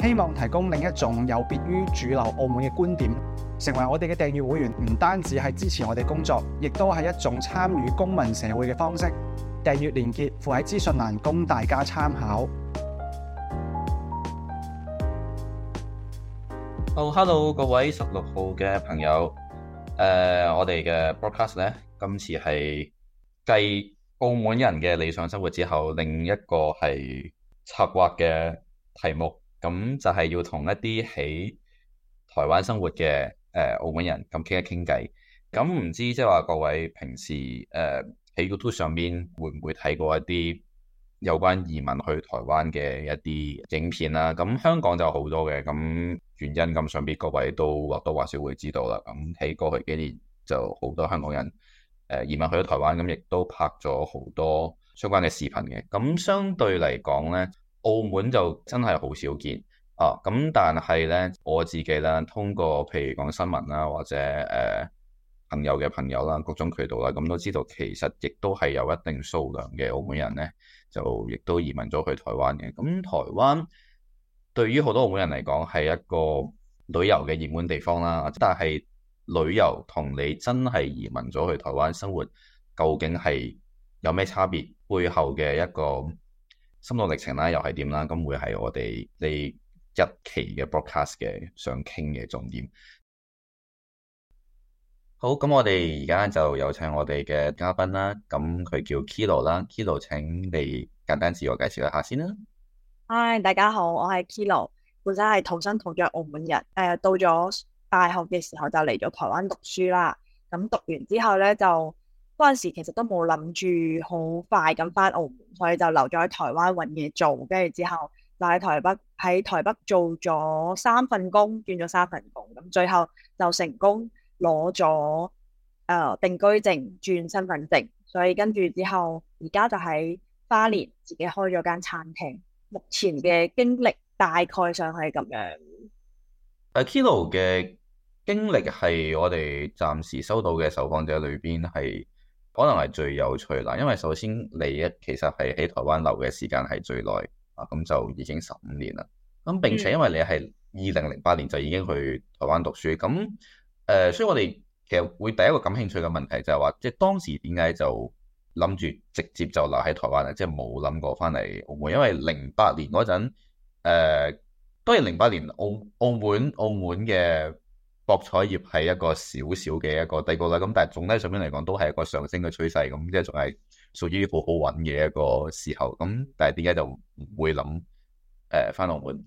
希望提供另一種有別於主流澳門嘅觀點，成為我哋嘅訂閱會員，唔單止係支持我哋工作，亦都係一種參與公民社會嘅方式。訂閱鏈接附喺資訊欄，供大家參考。好，oh，hello 各位十六號嘅朋友，誒，uh，我哋嘅 broadcast 呢，今次係繼澳門人嘅理想生活之後，另一個係策劃嘅題目。咁就係要同一啲喺台灣生活嘅誒澳門人咁傾一傾偈。咁唔知即係話各位平時誒喺 YouTube 上面會唔會睇過一啲有關移民去台灣嘅一啲影片啦，啊？咁香港就好多嘅，咁原因咁想必各位都或多或少會知道啦。咁喺過去幾年就好多香港人誒移民去咗台灣，咁亦都拍咗好多相關嘅視頻嘅。咁相對嚟講咧，澳門就真係好少見啊！咁但係咧，我自己咧，通過譬如講新聞啦，或者誒、呃、朋友嘅朋友啦，各種渠道啦，咁都知道，其實亦都係有一定數量嘅澳門人咧，就亦都移民咗去台灣嘅。咁台灣對於好多澳門人嚟講，係一個旅遊嘅熱門地方啦。但係旅遊同你真係移民咗去台灣生活，究竟係有咩差別？背後嘅一個。心路歷程啦，又係點啦？咁會係我哋呢一期嘅 broadcast 嘅想傾嘅重點。好，咁我哋而家就有請我哋嘅嘉賓啦。咁佢叫 Kilo 啦，Kilo 請你簡單自我介紹一下先啦。Hi，大家好，我係 Kilo，本身係土生土長澳門人。誒、呃，到咗大學嘅時候就嚟咗台灣讀書啦。咁讀完之後咧就～嗰陣時其實都冇諗住好快咁返澳門，所以就留咗喺台灣揾嘢做。跟住之後就喺台北，喺台北做咗三份工，轉咗三份工。咁最後就成功攞咗誒定居證轉身份證。所以跟住之後，而家就喺花蓮自己開咗間餐廳。目前嘅經歷大概上係咁樣。誒 Kilo 嘅經歷係我哋暫時收到嘅受訪者裏邊係。可能係最有趣啦，因為首先你一其實係喺台灣留嘅時間係最耐啊，咁就已經十五年啦。咁並且因為你係二零零八年就已經去台灣讀書，咁誒、呃，所以我哋其實會第一個感興趣嘅問題就係話，即係當時點解就諗住直接就留喺台灣咧？即係冇諗過翻嚟澳門，因為零八年嗰陣誒，都係零八年澳澳門澳門嘅。博彩業係一個少少嘅一個低谷啦，咁但係總體上面嚟講都係一個上升嘅趨勢，咁即係仲係屬於好好揾嘅一個時候。咁但係點解就唔會諗誒返澳門？誒、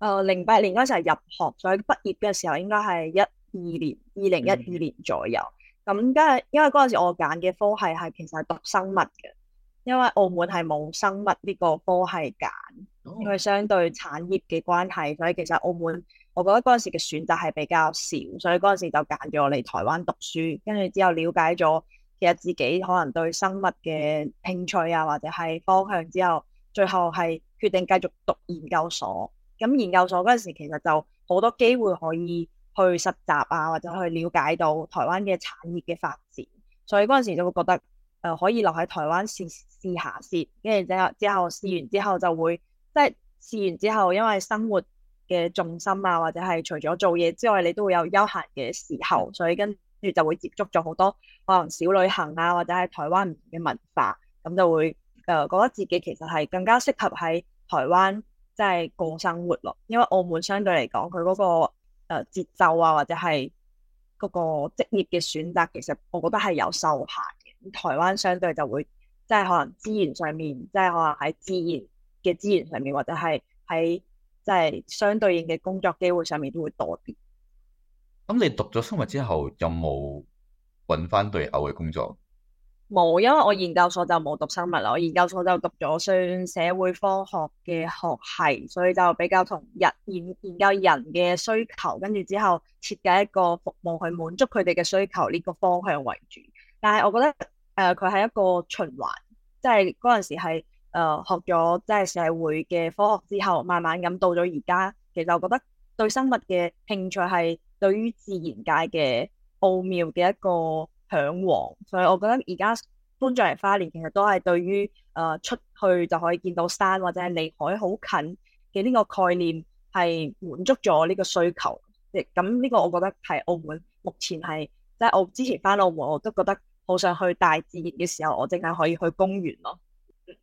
呃，零八年嗰陣時係入學，所以畢業嘅時候應該係一二年，二零一二年左右。咁、嗯嗯、因為因為嗰陣時我揀嘅科系係其實係讀生物嘅，因為澳門係冇生物呢個科系揀，因為相對產業嘅關係，所以其實澳門。我覺得嗰陣時嘅選擇係比較少，所以嗰陣時就揀咗我嚟台灣讀書，跟住之後了解咗其實自己可能對生物嘅興趣啊，或者係方向之後，最後係決定繼續讀研究所。咁研究所嗰陣時其實就好多機會可以去實習啊，或者去了解到台灣嘅產業嘅發展。所以嗰陣時就會覺得誒、呃、可以留喺台灣試試下先，跟住之後之後試完之後就會即係試完之後，因為生活。嘅重心啊，或者係除咗做嘢之外，你都會有休閒嘅時候，所以跟住就會接觸咗好多可能小旅行啊，或者係台灣嘅文化，咁就會誒、呃、覺得自己其實，係更加適合喺台灣即係過生活咯。因為澳門相對嚟講，佢嗰個誒節奏啊，或者係嗰個職業嘅選擇，其實我覺得係有受限嘅。台灣相對就會即係、就是、可能資源上面，即、就、係、是、可能喺自然嘅資源上面，或者係喺。即係相對應嘅工作機會上面都會多啲。咁你讀咗生物之後有冇搵翻對偶嘅工作？冇，因為我研究所就冇讀生物啦。我研究所就讀咗算社會科學嘅學系，所以就比較同人研研究人嘅需求，跟住之後設計一個服務去滿足佢哋嘅需求呢、這個方向為主。但係我覺得誒，佢、呃、係一個循環，即係嗰陣時係。誒，uh, 學咗即係社會嘅科學之後，慢慢咁到咗而家，其實我覺得對生物嘅興趣係對於自然界嘅奧妙嘅一個向往。所以我覺得而家搬咗嚟花蓮，其實都係對於誒、呃、出去就可以見到山或者係離海好近嘅呢個概念係滿足咗呢個需求。亦咁呢個，我覺得係澳門目前係即係我之前返澳門，我都覺得好想去大自然嘅時候，我淨係可以去公園咯。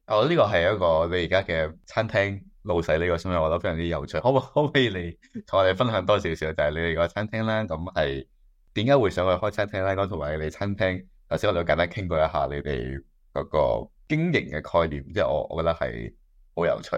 哦，呢個係一個你而家嘅餐廳老細呢個，所以我覺得非常之有趣。可唔可唔可以你同我哋分享多少少？就係、是、你哋個餐廳咧，咁係點解會想去開餐廳咧？咁同埋你餐廳，頭先我哋簡單傾過一下你哋嗰個經營嘅概念，即係我我覺得係好有趣。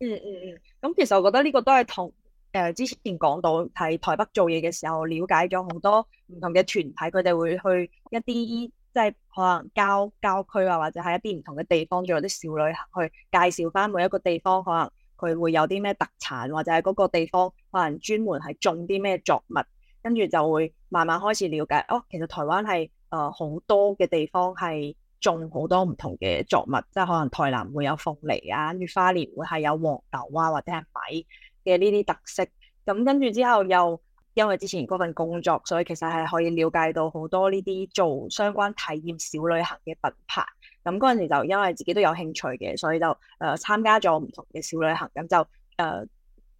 嗯嗯嗯，咁、嗯嗯、其實我覺得呢個都係同誒、呃、之前講到喺台北做嘢嘅時候，我了解咗好多唔同嘅團體，佢哋會去一啲。即係可能郊郊區啊，或者喺一啲唔同嘅地方仲有啲少女去介紹翻每一個地方，可能佢會有啲咩特產，或者係嗰個地方可能專門係種啲咩作物，跟住就會慢慢開始了解。哦，其實台灣係誒好多嘅地方係種好多唔同嘅作物，即係可能台南會有鳳梨啊，跟住花蓮會係有黃豆啊，或者係米嘅呢啲特色。咁跟住之後又。因為之前嗰份工作，所以其實係可以了解到好多呢啲做相關體驗小旅行嘅品牌。咁嗰陣時就因為自己都有興趣嘅，所以就誒、呃、參加咗唔同嘅小旅行。咁就誒、呃、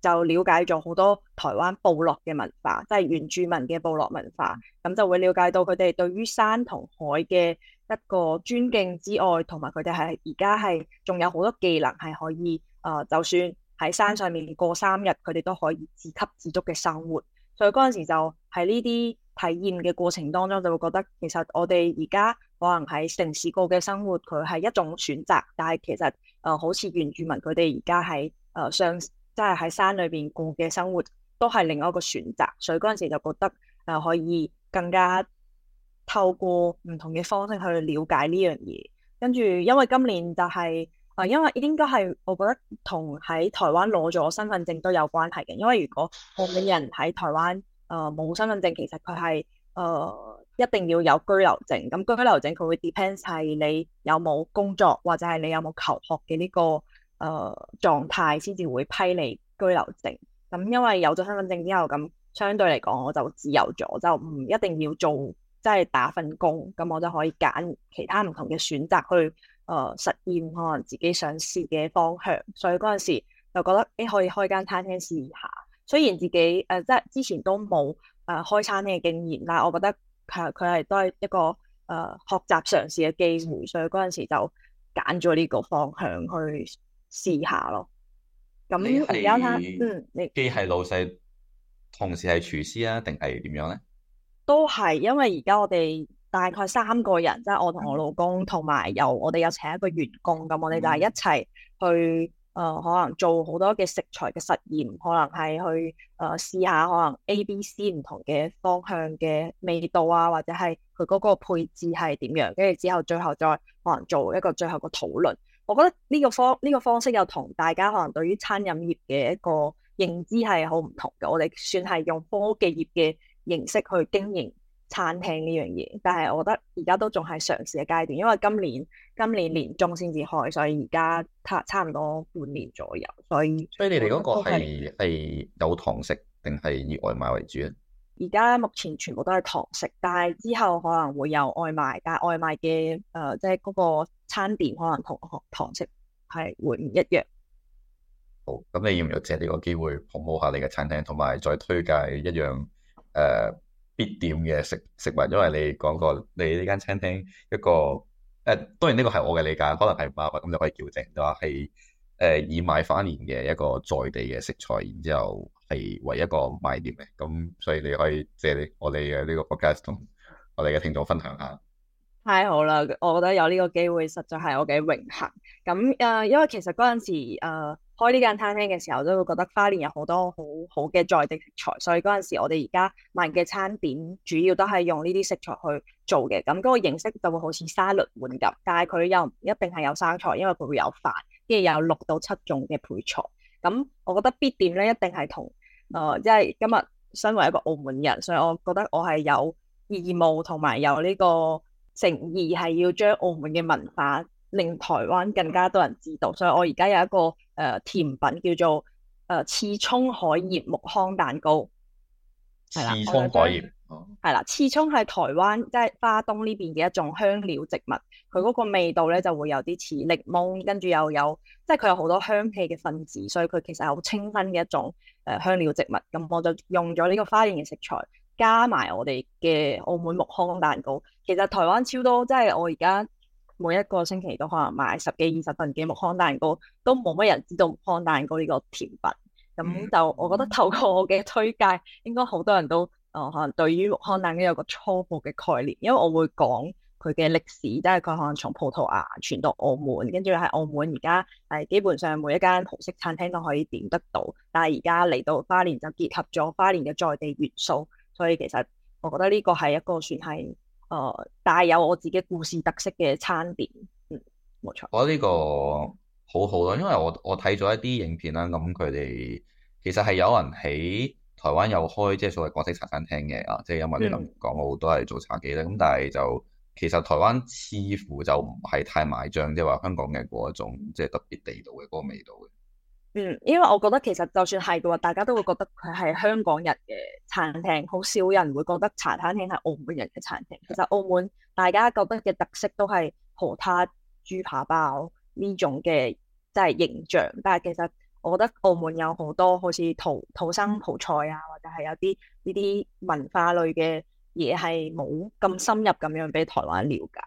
就瞭解咗好多台灣部落嘅文化，即係原住民嘅部落文化。咁就會了解到佢哋對於山同海嘅一個尊敬之外，同埋佢哋係而家係仲有好多技能係可以誒、呃，就算喺山上面過三日，佢哋都可以自給自足嘅生活。所以嗰陣時就喺呢啲體驗嘅過程當中，就會覺得其實我哋而家可能喺城市過嘅生活，佢係一種選擇。但係其實誒、呃，好似原住民佢哋而家喺誒上，即係喺山裏邊過嘅生活，都係另一個選擇。所以嗰陣時就覺得誒，可以更加透過唔同嘅方式去了解呢樣嘢。跟住因為今年就係、是。啊，因為應該係，我覺得同喺台灣攞咗身份證都有關係嘅。因為如果澳門人喺台灣誒冇、呃、身份證，其實佢係誒一定要有居留證。咁居留證佢會 depends 係你有冇工作或者係你有冇求學嘅呢、這個誒、呃、狀態，先至會批你居留證。咁因為有咗身份證之後，咁相對嚟講我就自由咗，就唔一定要做即係、就是、打份工，咁我就可以揀其他唔同嘅選擇去。誒、呃，實現可能自己想試嘅方向，所以嗰陣時就覺得誒、欸、可以開間餐廳試下。雖然自己誒即係之前都冇誒、呃、開餐廳嘅經驗，但係我覺得佢佢係都係一個誒、呃、學習嘗試嘅機會，所以嗰陣時就揀咗呢個方向去試下咯。咁而家咧，你既係老細，同時係廚師啊，定係點樣咧？都係，因為而家我哋。大概三個人，即係我同我老公，同埋由我哋有請一個員工，咁我哋就係一齊去，誒可能做好多嘅食材嘅實驗，可能係去誒試下可能 A、B、C 唔同嘅方向嘅味道啊，或者係佢嗰個配置係點樣，跟住之後最後再可能做一個最後個討論。我覺得呢個方呢個方式又同大家可能對於餐飲業嘅一個認知係好唔同嘅。我哋算係用科技業嘅形式去經營餐廳呢樣嘢，但係我覺得而家都仲係嘗試嘅階段，因為今年今年年中先至開，所以而家差差唔多半年左右，所以所以你哋嗰個係係是有堂食定係以外賣為主咧？而家目前全部都係堂食，但係之後可能會有外賣，但係外賣嘅誒，即係嗰個餐點可能同堂食係會唔一樣。好，咁你要唔要借呢個機會 promo 下你嘅餐廳，同埋再推介一樣誒？呃必點嘅食食物，因為你講過你呢間餐廳一個誒、呃，當然呢個係我嘅理解，可能係唔啱，咁就可以糾正，話係誒以買花蓮嘅一個在地嘅食材，然之後係為一個賣點嘅，咁所以你可以借你我哋嘅呢個 podcast 同我哋嘅聽眾分享下。太好啦，我覺得有呢個機會，實在係我嘅榮幸。咁誒、呃，因為其實嗰陣時誒。呃開呢間餐廳嘅時候都會覺得花蓮有好多好好嘅在地食材，所以嗰陣時我哋而家賣嘅餐點主要都係用呢啲食材去做嘅，咁嗰個形式就會好似沙律碗咁，但係佢又唔一定係有生菜，因為佢會有飯，跟住又有六到七種嘅配菜。咁我覺得必點咧一定係同誒，呃，即係今日身為一個澳門人，所以我覺得我係有義務同埋有呢個誠意係要將澳門嘅文化，令台灣更加多人知道，所以我而家有一個誒、呃、甜品叫做誒刺、呃、葱海鹽木糠蛋糕。係啦，刺葱海鹽係啦，刺葱係台灣即係、就是、花東呢邊嘅一種香料植物，佢嗰個味道咧就會有啲似檸檬，跟住又有即係佢有好多香氣嘅分子，所以佢其實係好清新嘅一種誒香料植物。咁我就用咗呢個花蓮嘅食材，加埋我哋嘅澳門木糠蛋糕。其實台灣超多，即、就、係、是、我而家。每一個星期都可能買十幾、二十份嘅木糠蛋糕，都冇乜人知道木糠蛋糕呢個甜品。咁就我覺得透過我嘅推介，應該好多人都，誒、呃、可能對於木糠蛋糕有個初步嘅概念。因為我會講佢嘅歷史，即係佢可能從葡萄牙傳到澳門，跟住喺澳門而家係基本上每一間葡式餐廳都可以點得到。但係而家嚟到花蓮就結合咗花蓮嘅在地元素，所以其實我覺得呢個係一個算係。誒，帶、uh，有我自己故事特色嘅餐點，嗯，冇錯。我覺得呢個好好咯，因為我我睇咗一啲影片啦，咁佢哋其實係有人喺台灣有開即係、就是、所謂港式茶餐廳嘅，啊，即係因為你咁講，好多係做茶几咧，咁、嗯、但係就其實台灣似乎就唔係太買賬，即係話香港嘅嗰一種即係、就是、特別地道嘅嗰個味道嗯，因為我覺得其實就算係嘅話，大家都會覺得佢係香港人嘅餐廳，好少人會覺得茶餐廳係澳門人嘅餐廳。其實澳門大家覺得嘅特色都係葡撻、豬扒包呢種嘅即係形象，但係其實我覺得澳門有好多好似土土生葡菜啊，或者係有啲呢啲文化類嘅嘢係冇咁深入咁樣俾台灣了解。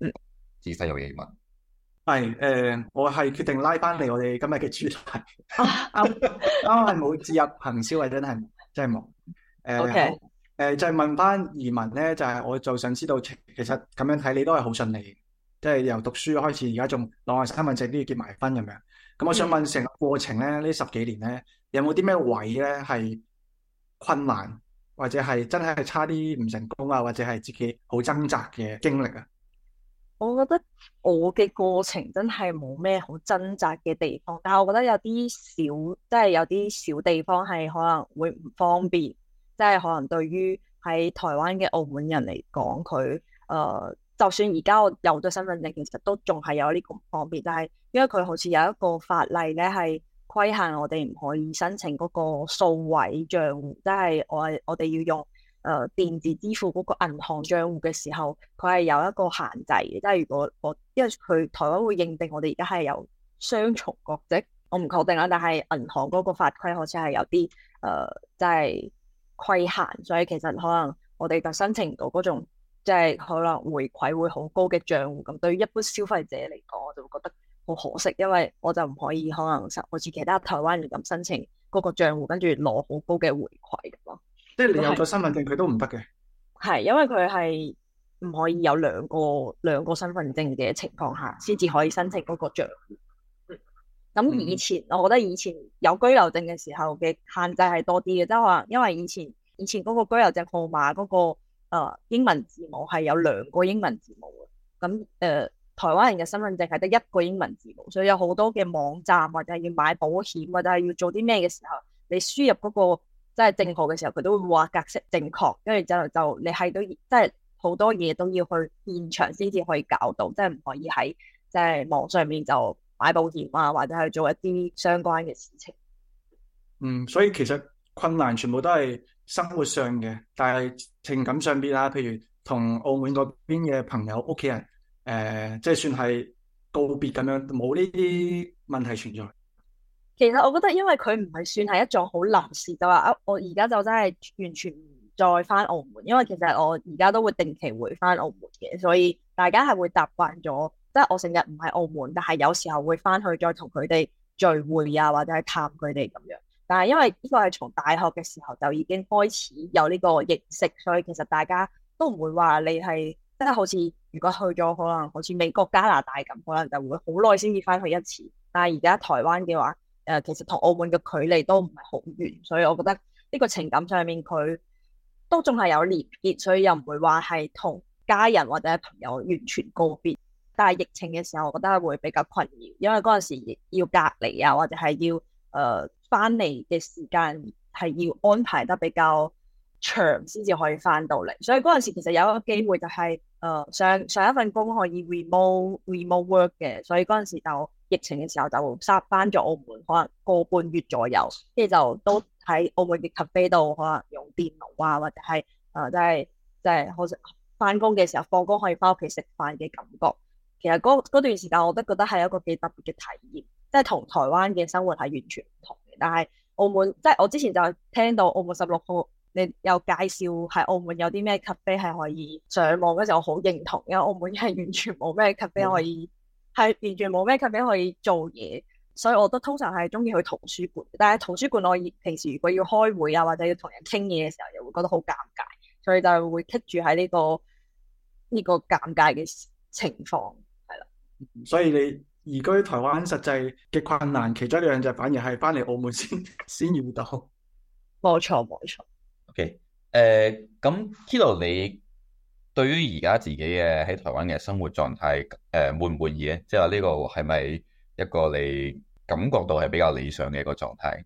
嗯，自細有嘢問。係誒、呃，我係決定拉翻嚟我哋今日嘅主題。啊啊係冇置入行銷啊，真係真係冇。誒、呃、誒 Okay.、呃，就係、是、問翻移民咧，就係、是、我就想知道，其實咁樣睇你都係好順利，即、就、係、是、由讀書開始，而家仲攞下身份證都要結埋婚咁樣。咁我想問成個過程咧，呢 Yeah. 十幾年咧，有冇啲咩位咧係困難，或者係真係差啲唔成功啊，或者係自己好掙扎嘅經歷啊？我覺得我嘅過程真係冇咩好掙扎嘅地方，但係我覺得有啲小，即係有啲小地方係可能會唔方便，即係可能對於喺台灣嘅澳門人嚟講，佢誒、呃，就算而家我有咗身份證，其實都仲係有呢個唔方便，但係因為佢好似有一個法例咧係規限我哋唔可以申請嗰個數位賬戶，即係我我哋要用。誒、呃，電子支付嗰個銀行賬戶嘅時候，佢係有一個限制嘅。即係如果我因為佢台灣會認定我哋而家係有雙重國籍，我唔確定啦。但係銀行嗰個法規好似係有啲誒、即、呃、係、就是、規限，所以其實可能我哋就申請唔到嗰種即係、就是、可能回饋會好高嘅賬戶咁。對於一般消費者嚟講，我就會覺得好可惜，因為我就唔可以可能實好似其他台灣人咁申請嗰個賬戶，跟住攞好高嘅回饋咁咯。即係你有咗身份證，佢都唔得嘅。係，因為佢係唔可以有兩個兩個身份證嘅情況下，先至可以申請嗰個帳戶。咁、嗯、以前，我覺得以前有居留證嘅時候嘅限制係多啲嘅，即係可能因為以前以前嗰個居留證號碼嗰、嗰個、呃、英文字母係有兩個英文字母嘅。咁誒、呃，台灣人嘅身份證係得一個英文字母，所以有好多嘅網站或者係要買保險或者係要做啲咩嘅時候，你輸入嗰、嗰個。即係正確嘅時候，佢都會話格式正確，跟住之後就你係到，即係好多嘢都要去現場先至可以搞到，即係唔可以喺即係網上面就買保險啊，或者去做一啲相關嘅事情。嗯，所以其實困難全部都係生活上嘅，但係情感上邊啦，譬如同澳門嗰邊嘅朋友、屋企人，誒、呃，即係算係告別咁樣，冇呢啲問題存在。其實我覺得，因為佢唔係算係一種好臨時就話啊，我而家就真係完全唔再翻澳門，因為其實我而家都會定期回翻澳門嘅，所以大家係會習慣咗，即係我成日唔喺澳門，但係有時候會翻去再同佢哋聚會啊，或者係探佢哋咁樣。但係因為呢個係從大學嘅時候就已經開始有呢個認識，所以其實大家都唔會話你係即係好似如果去咗可能好似美國加拿大咁，可能就會好耐先至翻去一次。但係而家台灣嘅話，呃、其實同澳門嘅距離都唔係好遠，所以我覺得呢個情感上面佢都仲係有連結，所以又唔會話係同家人或者朋友完全告別。但係疫情嘅時候，我覺得係會比較困擾，因為嗰陣時要隔離啊，或者係要誒翻嚟嘅時間係要安排得比較長先至可以翻到嚟。所以嗰陣時其實有一個機會就係、呃、上上一份工作可以 remote, remote work 嘅，所以嗰陣時就。疫情嘅時候就殺返咗澳門可能個半月左右，跟住就都喺澳門嘅 cafe 度可能用電腦啊，或者係誒即係即係好返工嘅時候放工可以返屋企食飯嘅感覺。其實嗰段時間我都覺得係一個幾特別嘅體驗，即係同台灣嘅生活係完全唔同嘅。但係澳門即係、就是、我之前就聽到澳門十六號，你有介紹喺澳門有啲咩 cafe 係可以上網嗰陣，我好認同，因為澳門係完全冇咩 cafe 可以、嗯。係完全冇咩吸引可以做嘢，所以我都通常係中意去圖書館。但係圖書館，我平時如果要開會啊，或者要同人傾嘢嘅時候，又會覺得好尷尬，所以就會 keep 住喺呢個呢個尷尬嘅情況，係啦。所以你移居台灣實際嘅困難，其中一樣就反而係翻嚟澳門先先遇到。冇錯，冇錯。OK，誒、uh，咁 Kilo 你？對於而家自己嘅喺台灣嘅生活狀態，誒滿唔滿意咧？即係話呢個係咪一個你感覺到係比較理想嘅一個狀態？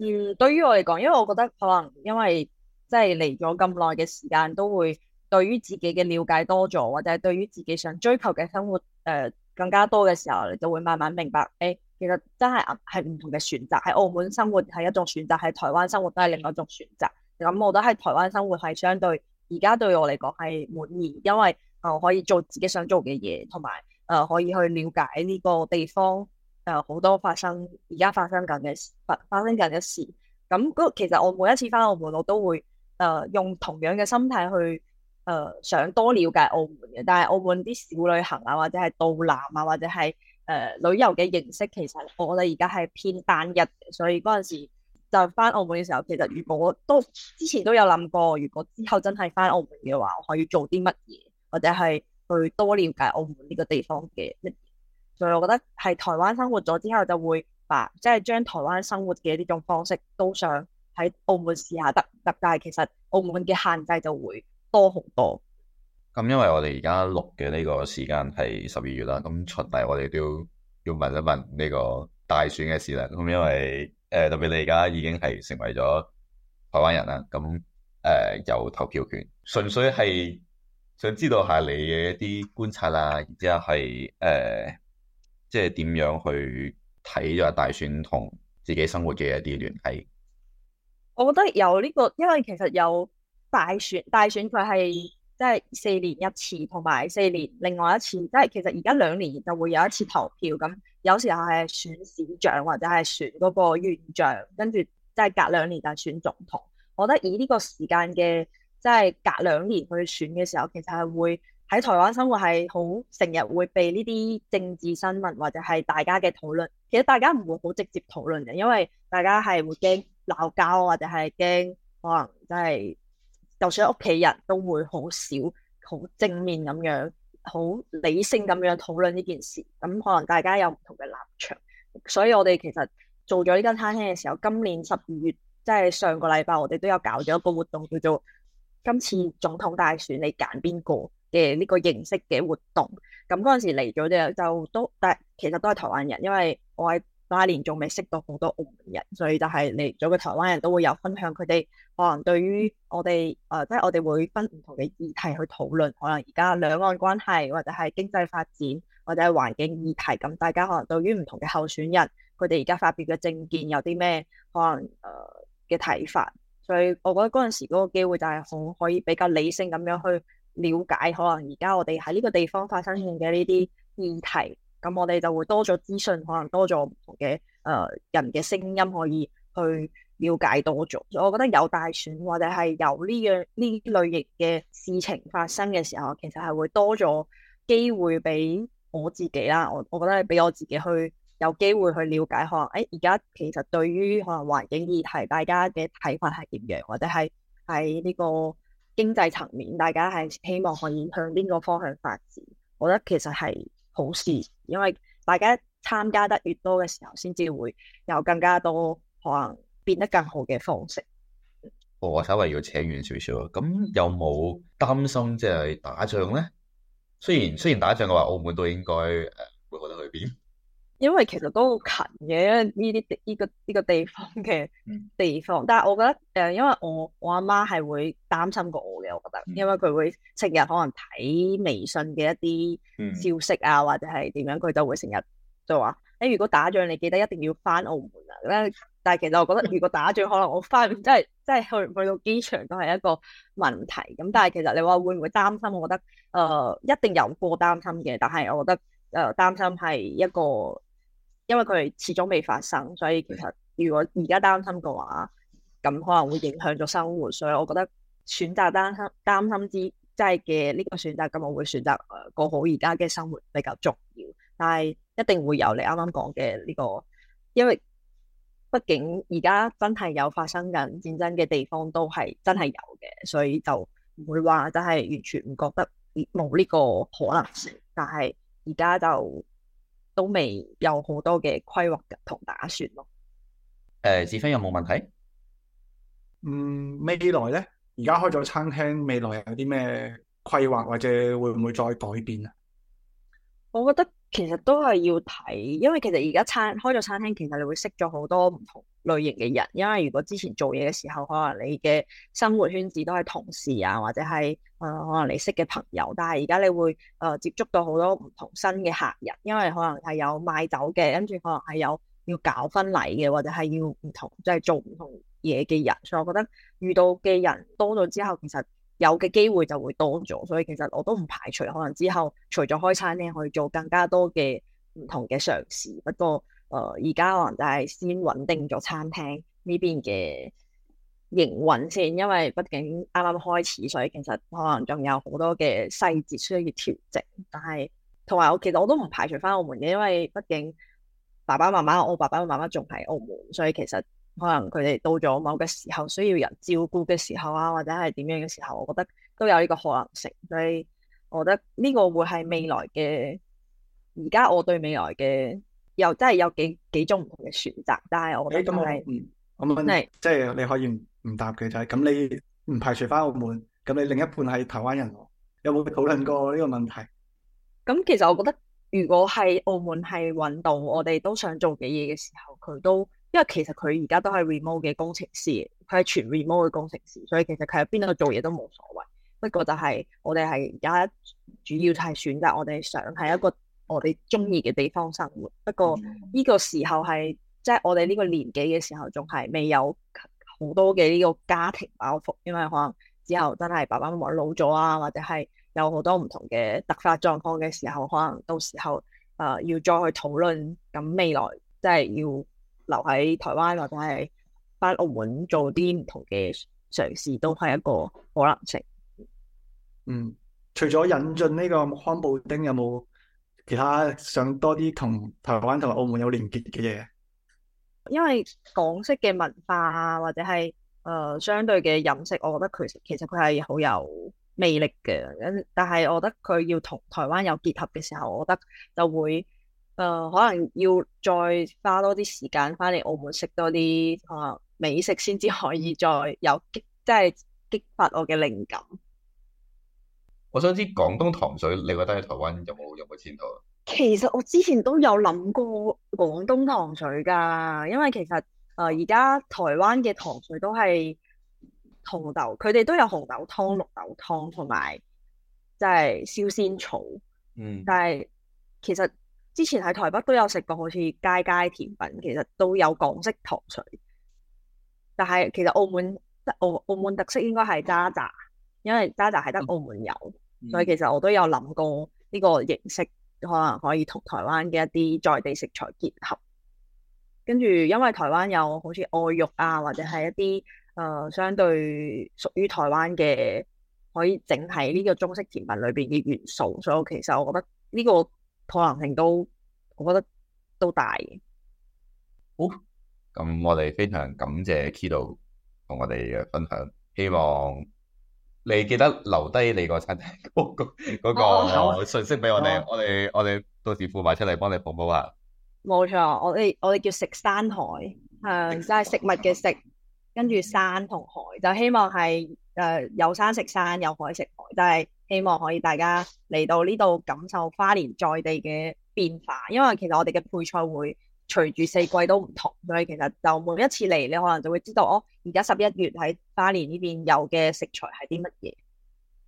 嗯，對於我嚟講，因為我覺得可能因為即係嚟咗咁耐嘅時間，都會對於自己嘅了解多咗，或者對於自己想追求嘅生活誒、呃、更加多嘅時候，你就會慢慢明白誒、哎，其實真係係唔同嘅選擇。喺澳門生活係一種選擇，喺台灣生活都係另外一種選擇。咁我都喺台灣生活係相對。而家對我嚟講係滿意，因為誒、呃、可以做自己想做嘅嘢，同埋誒可以去了解呢個地方誒好、呃、多發生而家發生緊嘅發發生緊嘅事。咁、那個、其實我每一次返澳門，我都會誒、呃、用同樣嘅心態去誒、呃、想多了解澳門嘅。但係澳門啲小旅行啊，或者係導覽啊，或者係誒、呃、旅遊嘅形式，其實我哋而家係偏單一，所以嗰陣時，就翻澳門嘅時候，其實如果我都之前都有諗過，如果之後真係翻澳門嘅話，我可以做啲乜嘢，或者係去多了解澳門呢個地方嘅乜嘢。所以，我覺得喺台灣生活咗之後，就會把即係、就是、將台灣生活嘅呢種方式都想喺澳門試下得得，但係其實澳門嘅限制就會多好多。咁因為我哋而家錄嘅呢個時間係十二月啦，咁出嚟我哋都要要問一問呢、這個，大選嘅事啦，咁因為誒，特別你而家已經係成為咗台灣人啦，咁誒、呃、有投票權，純粹係想知道下你嘅一啲觀察啦，然之後係誒，即係點樣去睇咗大選同自己生活嘅一啲聯繫。我覺得有呢、這個，因為其實有大選，大選佢係即係四年一次，同埋四年另外一次，即、就、係、是、其實而家兩年就會有一次投票咁。有時候係選市長或者係選嗰個縣長，跟住即係隔兩年就選總統。我覺得以呢個時間嘅即係隔兩年去選嘅時候，其實係會喺台灣生活係好成日會被呢啲政治新聞或者係大家嘅討論。其實大家唔會好直接討論嘅，因為大家係會驚鬧交或者係驚可能就係就算屋企人都會好少好正面咁樣。好理性咁樣討論呢件事，咁可能大家有唔同嘅立場，所以我哋其實做咗呢間餐廳嘅時候，今年十二月即係、就是、上個禮拜，我哋都有搞咗一個活動，叫做今次總統大選你揀邊個嘅呢個形式嘅活動。咁嗰陣時嚟咗就就都，但其實都係台灣人，因為我喺。那年仲未識到好多澳門人，所以就係嚟咗個台灣人都會有分享佢哋可能對於我哋，誒、呃，即係我哋會分唔同嘅議題去討論。可能而家兩岸關係或者係經濟發展或者係環境議題，咁大家可能對於唔同嘅候選人，佢哋而家發表嘅政見有啲咩可能誒嘅睇法？所以，我覺得嗰陣時嗰個機會就係好可以比較理性咁樣去了解可能而家我哋喺呢個地方發生嘅呢啲議題。咁我哋就會多咗資訊，可能多咗唔同嘅誒人嘅聲音，可以去了解多咗。我覺得有大選或者係有呢樣呢類型嘅事情發生嘅時候，其實係會多咗機會俾我自己啦。我我覺得係俾我自己去有機會去了解，可能誒而家其實對於可能環境議題，大家嘅睇法係點樣，或者係喺呢個經濟層面，大家係希望可以向邊個方向發展？我覺得其實係好事，因為大家參加得越多嘅時候，先至會有更加多可能變得更好嘅方式、哦。我稍微要扯遠少少啊，咁有冇擔心即係打仗咧？雖然雖然打仗嘅話，澳門都應該誒每個人都會得去邊？因為其實都好近嘅，呢啲呢個呢、呢個地方嘅地方，但係我覺得誒、呃，因為我我阿媽係會擔心過我嘅，我覺得，因為佢會成日可能睇微信嘅一啲消息啊，或者係點樣，佢就會成日就話：你、欸、如果打仗，你記得一定要翻澳門啊！咧，但係其實我覺得，如果打仗， 可能我翻即係即係去去到機場都係一個問題咁。但係其實你話會唔會擔心？我覺得誒、呃，一定有過擔心嘅，但係我覺得誒、呃、擔心係一個。因為佢哋始終未發生，所以其實如果而家擔心嘅話，咁可能會影響咗生活，所以我覺得選擇擔心擔心之即係嘅呢個選擇，咁我會選擇誒過好而家嘅生活比較重要。但係一定會有你啱啱講嘅呢個，因為畢竟而家真係有發生緊戰爭嘅地方，都係真係有嘅，所以就唔會話真係完全唔覺得冇呢個可能性。但係而家就。都未有好多嘅規劃同打算咯。誒、呃，志輝有冇問題？嗯，未來咧，而家開咗餐廳，未來有啲咩規劃或者會唔會再改變啊？我覺得。其實都係要睇，因為其實而家餐開咗餐廳，其實你會識咗好多唔同類型嘅人。因為如果之前做嘢嘅時候，可能你嘅生活圈子都係同事啊，或者係誒、呃、可能你識嘅朋友。但係而家你會誒、呃、接觸到好多唔同新嘅客人，因為可能係有買酒嘅，跟住可能係有要搞婚禮嘅，或者係要唔同即係、就是、做唔同嘢嘅人。所以我覺得遇到嘅人多咗之後，其實。有嘅機會就會多咗，所以其實我都唔排除可能之後除咗開餐廳，去做更加多嘅唔同嘅嘗試。不過，誒而家可能就係先穩定咗餐廳呢邊嘅營運先，因為畢竟啱啱開始，所以其實可能仲有好多嘅細節需要調整。但係同埋我其實我都唔排除返澳門嘅，因為畢竟爸爸媽媽，我爸爸媽媽仲喺澳門，所以其實。可能佢哋到咗某個時候需要人照顧嘅時候啊，或者係點樣嘅時候，我覺得都有呢個可能性。所以我覺得呢個會係未來嘅，而家我對未來嘅又真係有幾幾種唔同嘅選擇。但係我覺得、就是，真係即係你可以唔答佢，就係咁，你唔排除翻澳門，咁你另一半係台灣人，有冇討論過呢個問題？咁、嗯、其實我覺得，如果係澳門係搵到我哋都想做嘅嘢嘅時候，佢都。因為其實佢而家都係 remote 嘅工程師，佢係全 remote 嘅工程師，所以其實佢喺邊度做嘢都冇所謂。不過就係我哋係而家主要就係選擇我哋想係一個我哋中意嘅地方生活。不過呢個時候係即係我哋呢個年紀嘅時候，仲係未有好多嘅呢個家庭包袱，因為可能之後真係爸爸媽媽老咗啊，或者係有好多唔同嘅突發狀況嘅時候，可能到時候誒、呃、要再去討論咁未來即係要。留喺台灣或者係返澳門做啲唔同嘅嘗試，都係一個可能性。嗯，除咗引進呢個康布丁，有冇其他想多啲同台灣同埋澳門有連結嘅嘢？因為港式嘅文化啊，或者係誒、呃、相對嘅飲食，我覺得佢其實佢係好有魅力嘅。但係我覺得佢要同台灣有結合嘅時候，我覺得就會。誒、呃，可能要再花多啲時間翻嚟，澳門食多啲誒、呃、美食，先至可以再有激，即係激發我嘅靈感。我想知廣東糖水，你覺得喺台灣有冇，有冇前途？其實我之前都有諗過廣東糖水噶，因為其實誒而家台灣嘅糖水都係紅豆，佢哋都有紅豆湯、綠豆湯同埋即係燒仙草。嗯，但係其實。之前喺台北都有食過，好似佳佳甜品，其實都有港式糖水。但係其實澳門，澳澳門特色應該係渣渣，因為渣渣係得澳門有，嗯、所以其實我都有諗過呢個形式，可能可以同台灣嘅一啲在地食材結合。跟住，因為台灣有好似愛玉啊，或者係一啲誒、呃、相對屬於台灣嘅可以整喺呢個中式甜品裏邊嘅元素，所以我其實我覺得呢、這個。可能性都，我覺得都大。好，咁我哋非常感謝 Kilo 同我哋嘅分享。希望你記得留低你餐廳，嗰個餐廳嗰個嗰個信息，俾我哋，我哋我哋到時鋪埋出嚟，幫你 promo 啊。冇錯，我哋我哋叫食山海，係就係食物嘅食，跟住山同海，就希望係誒有山食山，有海食海，但係。希望可以大家嚟到呢度感受花蓮在地嘅變化，因為其實我哋嘅配菜會隨住四季都唔同，所以其實就每一次嚟，你可能就會知道哦，而家十一月喺花蓮呢邊有嘅食材係啲乜嘢。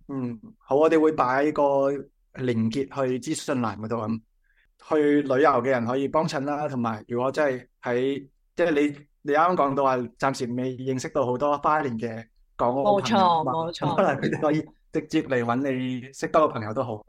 嗯，好，我哋會擺個連結去資訊欄嗰度咁，去旅遊嘅人可以幫襯啦，同埋如果真係喺即係你你啱啱講到話，暫時未認識到好多花蓮嘅港澳，冇錯冇錯，可能佢哋可以。直接嚟揾你識得嘅朋友都好，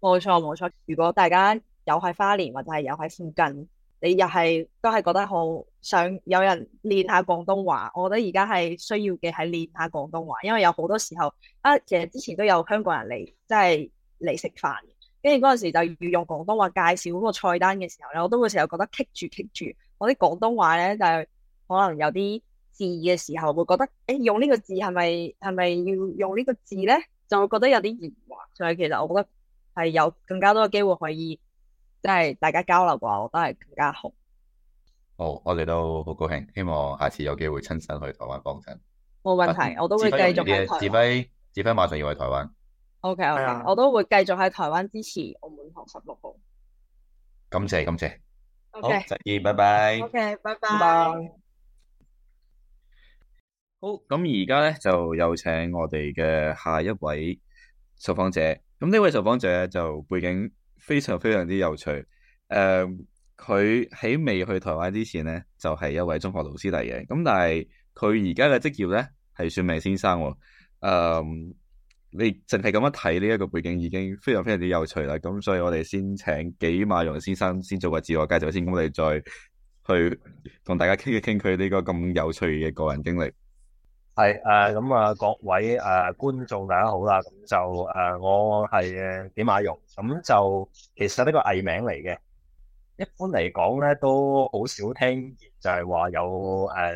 冇錯冇錯。如果大家有喺花蓮或者係有喺附近，你又係都係覺得好想有人練下廣東話，我覺得而家係需要嘅係練下廣東話，因為有好多時候啊，其實之前都有香港人嚟，即係嚟食飯，跟住嗰陣時候就要用廣東話介紹嗰個菜單嘅時候咧，我都會成日覺得棘住棘住，我啲廣東話咧就係、可能有啲字嘅時候會覺得，誒、欸、用呢個字係咪係咪要用呢個字咧？就我覺得有啲疑惑，所以其實我覺得係有更加多嘅機會可以，即係大家交流嘅話，我都係更加好。哦，我哋都好高興，希望下次有機會親身去台灣幫襯。冇問題，我都會繼續喺台灣。指揮，指揮馬上要去台灣。OK，我都會繼續喺台灣支持澳門學十六號。感謝，感謝。OK，再見，拜拜。OK，拜拜。好咁，而家咧就有請我哋嘅下一位受訪者。咁呢位受訪者就背景非常非常之有趣，誒，佢喺未去台灣之前咧就係、是、一位中學老師嚟嘅。咁但係佢而家嘅職業咧係算命先生、哦。誒、uh,，你淨係咁樣睇呢一個背景已經非常非常之有趣啦。咁所以我哋先請紀馬鏞先生先做個自我介紹先，咁我哋再去同大家傾一傾佢呢個咁有趣嘅個人經歷。係誒，咁啊、呃，各位誒、呃、觀眾大家好啦，咁就誒、呃，我係紀馬鏞，咁、呃、就其實呢個藝名嚟嘅，一般嚟講咧都好少聽就係、是、話有誒、呃、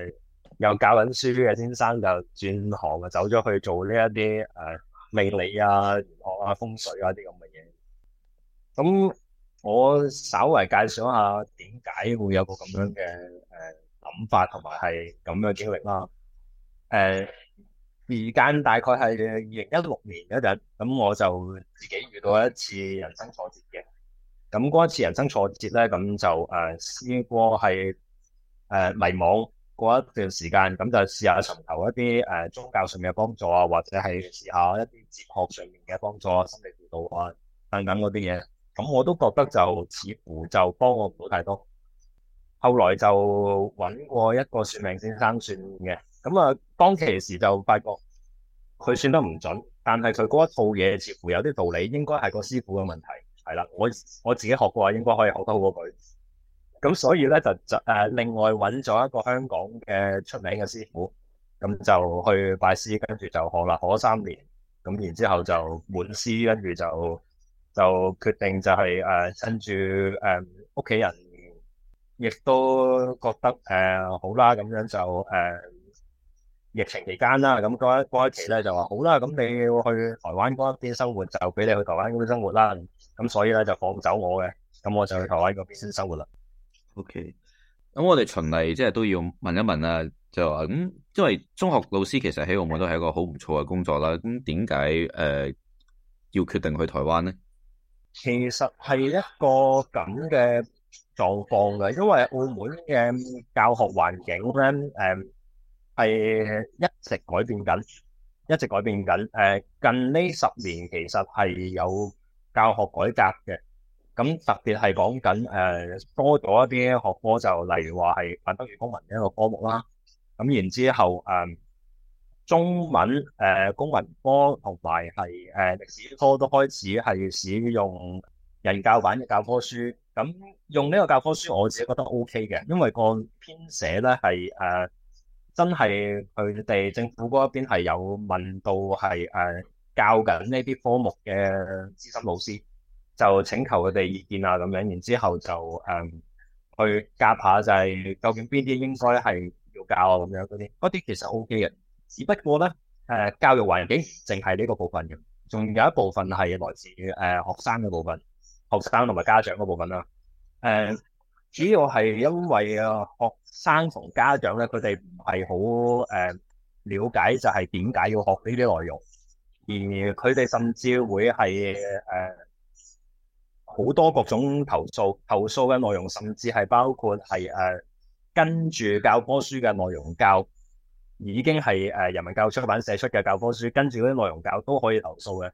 有教緊書嘅先生就轉行了、呃、啊，走咗去做呢一啲誒命理啊、學啊、風水啊啲咁嘅嘢。咁我稍為介紹一下，點解會有個咁樣嘅誒諗法，同埋係咁樣經歷啦。誒，時間、呃、大概係二零一六年嗰日，咁我就自己遇到一次人生挫折嘅。咁嗰一次人生挫折咧，咁就誒試、呃、過係誒、呃、迷茫過一段時間，咁就試下尋求一啲誒、呃、宗教上面嘅幫助啊，或者係試下一啲哲學上面嘅幫助啊，心理輔導啊等等嗰啲嘢。咁我都覺得就似乎就幫我唔到太多。後來就揾過一個算命先生算嘅。咁啊，當其時就發覺佢算得唔準，但係佢嗰一套嘢似乎有啲道理，應該係個師傅嘅問題係啦。我我自己學嘅話應該可以學得好過佢。咁所以咧就就、啊、另外揾咗一個香港嘅出名嘅師傅，咁就去拜師。跟住就學啦，學咗三年。咁然之後就滿師，跟住就就決定就係誒趁住誒屋企人亦都覺得誒、啊、好啦，咁樣就誒。啊疫情期間啦，咁過一過一期咧就話好啦，咁你要去台灣嗰邊生活就俾你去台灣嗰邊生活啦。咁所以咧就放走我嘅，咁我就去台灣嗰邊生活啦。OK，咁我哋循例即係都要問一問啊，就話咁、嗯，因為中學老師其實喺澳門都係一個好唔錯嘅工作啦。咁點解誒要決定去台灣咧？其實係一個咁嘅狀況嘅，因為澳門嘅教學環境咧，誒、嗯。係一直改變緊，一直改變緊。誒，近呢十年其實係有教學改革嘅，咁特別係講緊誒多咗一啲學科，就例如話係品德與公民呢一個科目啦。咁然之後誒中文誒公民科同埋係誒歷史科都開始係使用人教版嘅教科書。咁用呢個教科書，我自己覺得 O K 嘅，因為個編寫咧係誒。真係佢哋政府嗰一邊係有問到係誒、啊、教緊呢啲科目嘅資深老師，就請求佢哋意見啊咁樣，然後之後就誒、嗯、去夾下就係究竟邊啲應該係要教啊咁樣嗰啲，嗰啲其實 OK 嘅，只不過咧誒、啊、教育環境淨係呢個部分嘅，仲有一部分係來自於誒、啊、學生嘅部分，學生同埋家長嗰部分啦，誒、啊。主要係因為啊，學生同家長咧，佢哋唔係好誒了解，就係點解要學呢啲內容，而佢哋甚至會係誒好多各種投訴，投訴嘅內容甚至係包括係誒、呃、跟住教科書嘅內容教，已經係誒、呃、人民教育出版社出嘅教科書，跟住嗰啲內容教都可以投訴嘅。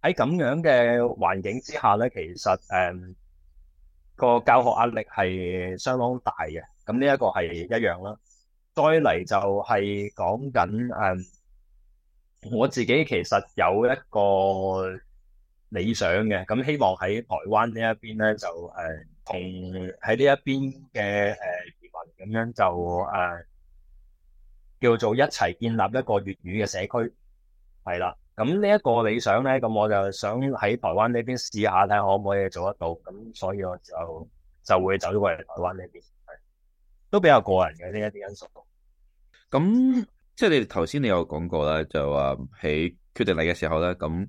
喺咁樣嘅環境之下咧，其實誒。呃個教學壓力係相當大嘅，咁呢一個係一樣啦。再嚟就係講緊，誒、嗯，我自己其實有一個理想嘅，咁希望喺台灣呢一邊咧，就誒同喺呢一邊嘅誒移民咁樣就誒、嗯、叫做一齊建立一個粵語嘅社區，係啦。咁呢一個理想咧，咁我就想喺台灣呢邊試下睇下可唔可以做得到，咁所以我就就會走咗過嚟台灣呢邊，都比較個人嘅呢一啲因素。咁即係你頭先你有講過啦，就話喺決定嚟嘅時候咧，咁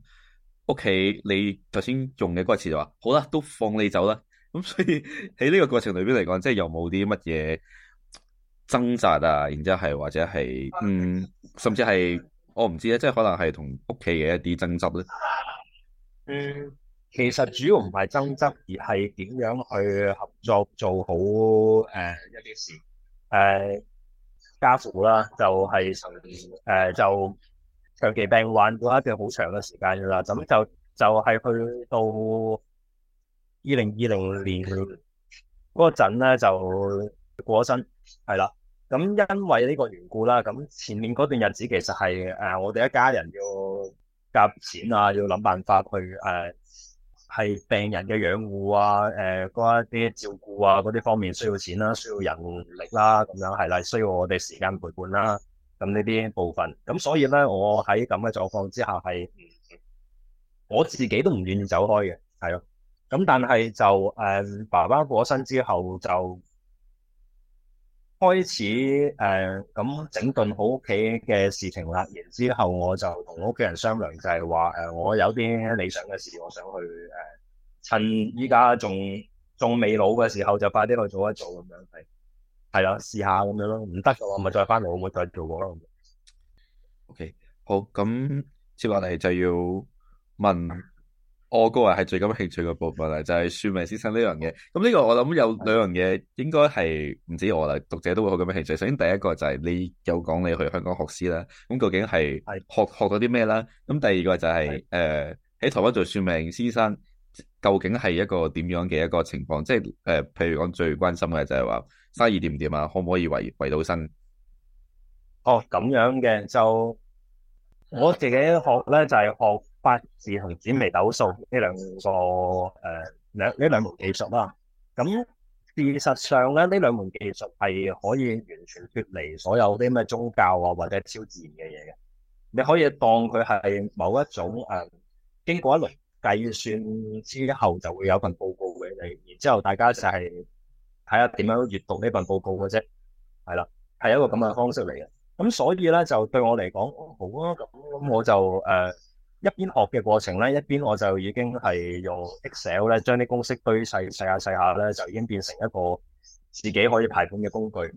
屋企你頭先用嘅個詞就話好啦，都放你走啦。咁所以喺呢個過程裏邊嚟講，即係有冇啲乜嘢掙扎啊？然之後係或者係嗯，甚至係。我唔、哦、知咧，即係可能係同屋企嘅一啲爭執咧。嗯，其實主要唔係爭執，而係點樣去合作做好誒一啲事。誒、呃，家父啦，就係就誒就長期病患，咗一段好長嘅時間㗎、啦。咁就就係去到二零二零年嗰陣咧，就過咗身，係啦。咁因為呢個緣故啦，咁前面嗰段日子其實係誒、啊、我哋一家人要夾錢啊，要諗辦法去誒係、啊、病人嘅養護啊、誒、啊、嗰一啲照顧啊嗰啲方面需要錢啦、啊，需要人力啦、啊，咁樣係啦，需要我哋時間陪伴啦、啊，咁呢啲部分。咁所以咧，我喺咁嘅狀況之下係我自己都唔願意走開嘅，係咯。咁但係就誒、啊、爸爸過身之後就，開始誒咁、呃、整頓好屋企嘅事情啦，然後之後我就同屋企人商量就，就係話誒我有啲理想嘅事，我想去誒趁依家仲仲未老嘅時候，就快啲去做一做咁樣，係係啦，試下咁樣咯，唔得就我咪再翻嚟，我會再，再做過咯。OK，好咁接落嚟就要問。我個人係最感興趣嘅部分啊，就係、是、算命先生呢樣嘢。咁呢個我諗有兩樣嘢，應該係唔止我啦，的讀者都會好感興趣。首先第一個就係你有講你去香港學師啦，咁究竟係學的學咗啲咩啦？咁第二個就係誒喺台灣做算命先生，究竟係一個點樣嘅一個情況？即係誒，譬如講最關心嘅就係話生意點唔點啊？可唔可以維維到生？哦，咁樣嘅就我自己學咧，就係、是、學。八字同紫微斗數呢兩個誒、呃、兩呢兩門技術啦、啊，咁事實上咧呢這兩門技術係可以完全脫離所有啲咩宗教啊或者超自然嘅嘢嘅，你可以當佢係某一種誒、呃、經過一輪計算之後就會有一份報告畀你，然之後大家就係睇下點樣閱讀呢份報告嘅啫，係啦，係一個咁嘅方式嚟嘅，咁所以咧就對我嚟講好啊，咁我就誒。呃一邊學嘅過程咧，一邊我就已經係用 Excel 咧，將啲公式堆細細下細下咧，就已經變成一個自己可以排盤嘅工具。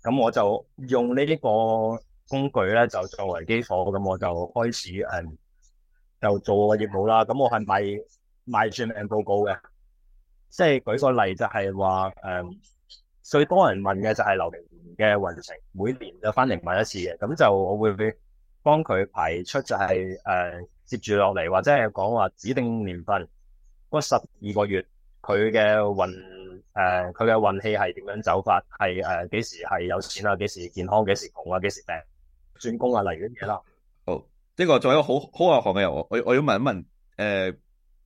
咁我就用呢個工具咧，就作為基礎。咁我就開始誒、嗯，就做個業務啦。咁我係賣賣專案報告嘅，即係舉個例子就係話誒，最多人問嘅就係流年嘅運程，每年就翻嚟問一次嘅。咁就我會幫佢排出就係、是、誒。嗯接住落嚟，或者係講話指定年份嗰十二個月，佢嘅運誒，佢嘅運氣係點樣走法？係誒，幾、呃、時係有錢啊？幾時健康？幾時窮啊？幾時病？轉工啊？嚟呢啲嘢啦。好，呢、這個作為一個好好外行嘅人，我我要問一問，誒、呃，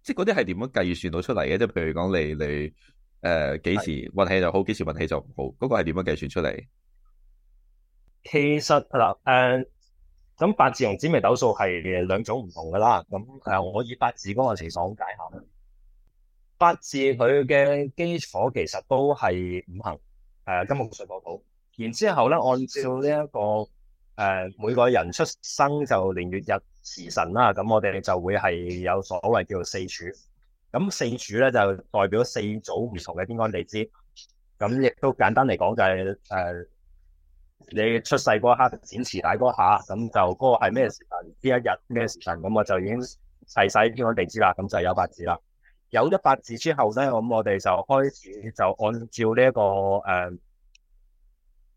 即係嗰啲係點樣計算到出嚟嘅？即係譬如講你你誒，幾、呃、時運氣就好，幾時運氣就唔好，嗰、那個係點樣計算出嚟？其實嗱，誒、呃。咁八字同紫微斗數係兩種唔同噶啦，咁誒，我以八字嗰個情況解下。八字佢嘅基礎其實都係五行，誒、啊，金木水火土。然之後咧，按照呢、這、一個誒、呃，每個人出生就年月日時辰啦，咁我哋就會係有所謂叫做四柱。咁四柱咧就代表四組唔同嘅天干地支。咁亦都簡單嚟講就係、是、誒。呃你出世嗰刻剪臍帶嗰下，咁就嗰個係咩時辰？呢一日咩時辰？咁我就已經細細天干地支啦，咁就有八字啦。有咗八字之後咧，咁我哋就開始就按照呢、這、一個誒、呃、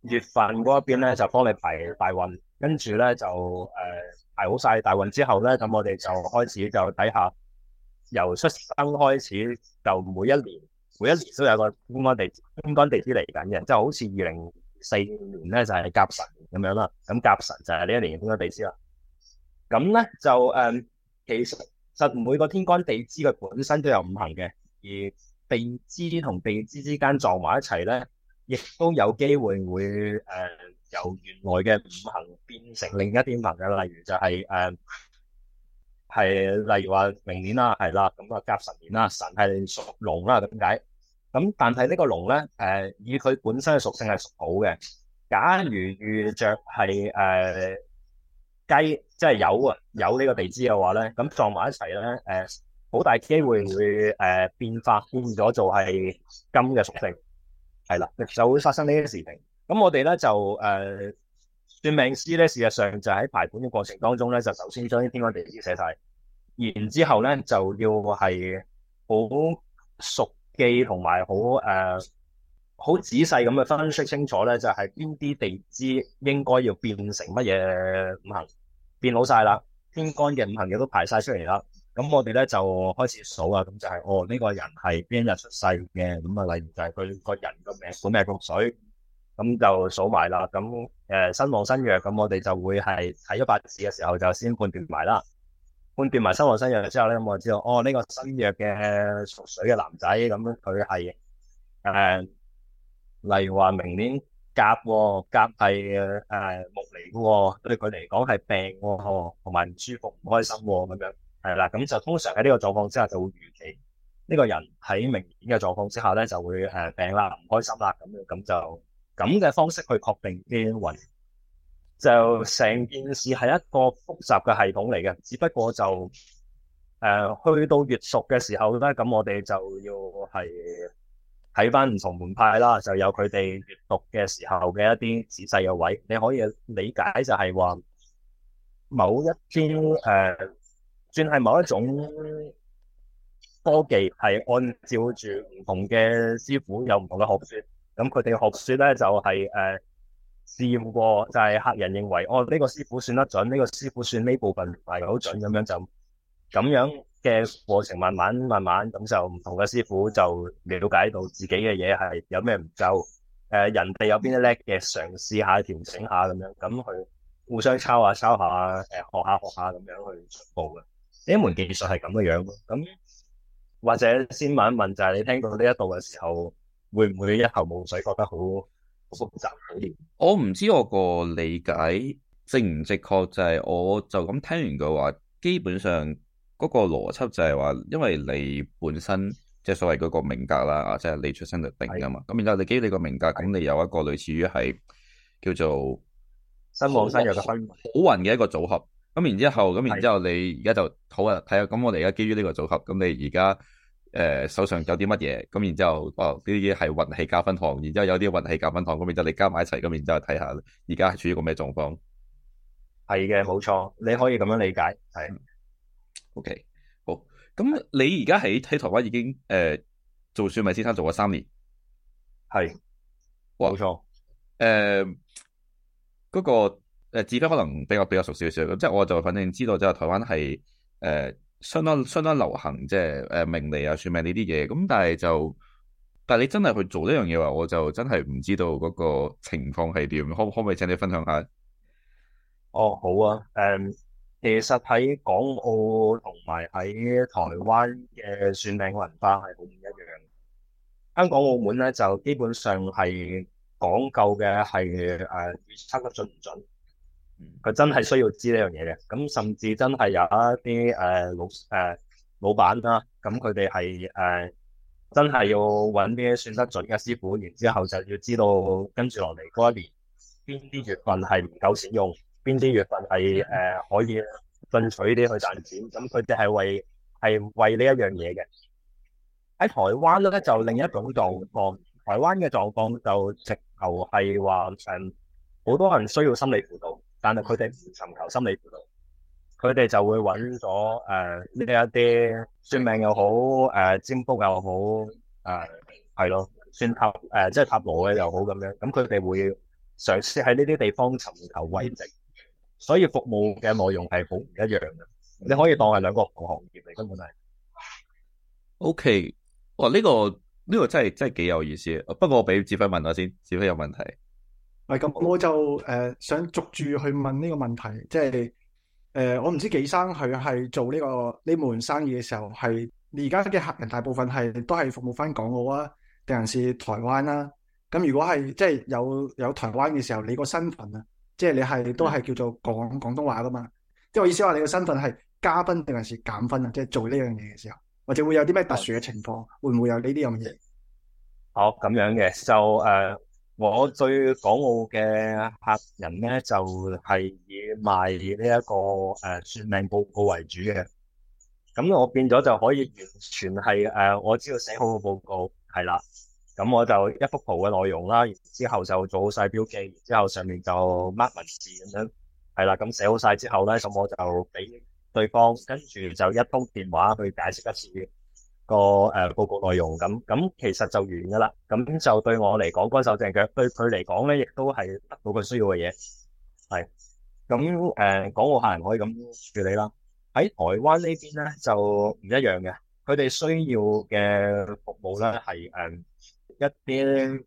月份嗰一邊咧，就幫你排大運，跟住咧就誒、呃、排好曬大運之後咧，咁我哋就開始就睇下由出生開始就每一年每一年都有一個天干地天干地支嚟緊嘅，即係好似二零。四年咧就係、是、甲辰咁樣啦，咁甲辰就係呢一年嘅天干地支啦。咁咧就誒、嗯，其實其實每個天干地支嘅本身都有五行嘅，而地支同地支之間撞埋一齊咧，亦都有機會會誒、呃、由原來嘅五行變成另一啲五行嘅，例如就係誒係，例如話明年啦，係啦，咁啊甲辰年啦，辰係屬龍啦，咁解？咁、嗯、但係呢個龍咧，誒、呃，以佢本身嘅屬性係土嘅。假如遇着係誒雞，即係酉啊酉呢個地支嘅話咧，咁、嗯、撞埋一齊咧，誒、呃，好大機會會誒、呃、變化變咗做係金嘅屬性，係啦，就會發生呢啲事情。咁我哋咧就誒、呃，算命師咧，事實上就喺排盤嘅過程當中咧，就首先將啲天干地支寫晒，然之後咧就要係好熟。記同埋好誒，好、uh，仔細咁去分析清楚咧，就係邊啲地支應該要變成乜嘢五行變好晒啦，天干嘅五行亦都排晒出嚟啦。咁我哋咧就開始數啊，咁就係、是、哦呢、這個人係邊日出世嘅，咁啊例如就係佢個人個名本命局水，咁就數埋啦。咁誒身旺身弱，咁、呃、我哋就會係睇咗八字嘅時候就先判斷埋啦。判斷埋身旺身弱之後咧，咁、嗯、我就知道哦，呢、這個身弱嘅屬水嘅男仔，咁佢係誒，例如話明年甲，甲係誒木嚟嘅，對佢嚟講係病、啊，同埋唔舒服、唔開心咁、啊、樣。係啦，咁就通常喺呢個狀況之下，就會預期呢個人喺明年嘅狀況之下咧，就會誒、呃、病啦、唔開心啦咁樣，咁就咁嘅方式去確定呢一就成件事係一個複雜嘅系統嚟嘅，只不過就誒、呃、去到越熟嘅時候咧，咁我哋就要係睇返唔同門派啦，就有佢哋閱讀嘅時候嘅一啲仔細嘅位置，你可以理解就係話某一篇誒、呃，算係某一種科技係按照住唔同嘅師傅有唔同嘅學說，咁佢哋學說咧就係、是、誒。呃試驗過就係、是、客人認為哦呢、這個師傅算得準，呢、這個師傅算呢部分唔係好準咁樣就咁樣嘅過程慢慢慢慢咁就唔同嘅師傅就了解到自己嘅嘢係有咩唔夠，誒人哋有邊啲叻嘅，嘗試下調整下咁樣咁去互相抄下抄下誒學下學下咁樣去進步嘅呢一門技術係咁嘅樣咯。咁或者先問一問就係、是、你聽到呢一度嘅時候會唔會一頭霧水覺得好？複雜啲，我唔知道我個理解正唔正確，就係、是、我就咁聽完句話，基本上嗰個邏輯就係話，因為你本身即係、就是、所謂嗰個命格啦，即、就、係、是、你出生就定噶嘛。咁是的 然之後基你基於你個命格，咁是的 你有一個類似於係叫做身旺身弱嘅好運嘅一個組合。咁然之後，咁然之後你而家就好啊，睇下。咁我哋而家基於呢個組合，咁你而家。誒、呃、手上有啲乜嘢，咁然之後，哦啲嘢係運氣加分項，然之後有啲運氣加分項，咁然之後你加埋一齊，咁然之後睇下而家係處於個咩狀況？係嘅，冇錯，你可以咁樣理解，係、嗯。OK，好。咁你而家喺喺台灣已經誒、呃、做算命先生做咗三年，係。冇錯。誒，嗰個誒自己、呃、可能比較比較熟少少，咁即係我就反正知道就，即係台灣係誒，相當相當流行，即係誒命理啊、算命呢啲嘢。咁但係就，但係你真係去做呢樣嘢話，我就真係唔知道嗰個情況係點。可可唔可以請你分享一下？哦，好啊。誒、嗯，其實喺港澳同埋喺台灣嘅算命文化係好唔一樣。香港、澳門咧就基本上係講究嘅係誒，預測得準唔準？佢真係需要知呢樣嘢嘅，咁甚至真係有一啲誒、呃、老誒、呃、老闆啦、啊，咁佢哋係誒真係要揾啲算得準嘅師傅，然之後就要知道跟住落嚟嗰一年邊啲月份係唔夠錢用，邊啲月份係誒、呃、可以進取啲去賺錢，咁佢哋係為係為這件事的呢一樣嘢嘅。喺台灣咧就另一種狀況，台灣嘅狀況就直頭係話誒好多人需要心理輔導。但係佢哋唔尋求心理輔導，佢哋就會揾咗誒呢一啲算命又好，誒、呃、占卜又好，誒、呃、係咯算塔誒、呃、即係塔羅嘅又好咁樣。咁佢哋會嘗試喺呢啲地方尋求慰藉，所以服務嘅內容係好唔一樣嘅。你可以當係兩個同行業嚟，根本係。OK，哇！呢、呢個呢、呢個真係真係幾有意思。不過我俾志輝問下先，志輝有問題。係咁，我就誒、呃、想逐住去問呢個問題，即係誒、呃，我唔知紀生佢係做呢、這個呢門生意嘅時候，係而家嘅客人大部分係都係服務翻港澳啊，定還是台灣啦、啊？咁如果係即係有有台灣嘅時候，你個身份啊，即係你係都係叫做講廣東話噶嘛？即係我意思話，你個身份係加分定還是減分啊？即係做呢樣嘢嘅時候，或者會有啲咩特殊嘅情況，會唔會有呢啲咁嘅嘢？好、哦，咁樣嘅就誒。So, uh 我對港澳嘅客人咧，就係、是、以賣呢、這、一個誒算命報告為主嘅。咁我變咗就可以完全係誒、呃，我只要寫好個報告係啦。咁我就一幅圖嘅內容啦，然之後就做好晒標記，然之後上面就 mark 文字咁樣係啦。咁寫好晒之後咧，咁我就俾對方跟住就一通電話去解釋一次。個誒，報告內容咁咁，其實就完噶啦。咁就對我嚟講，乾手淨腳；對佢嚟講咧，亦都係得到佢需要嘅嘢係。咁誒，港澳、呃、客人可以咁處理啦。喺台灣呢邊咧就唔一樣嘅，佢哋需要嘅服務咧係誒一啲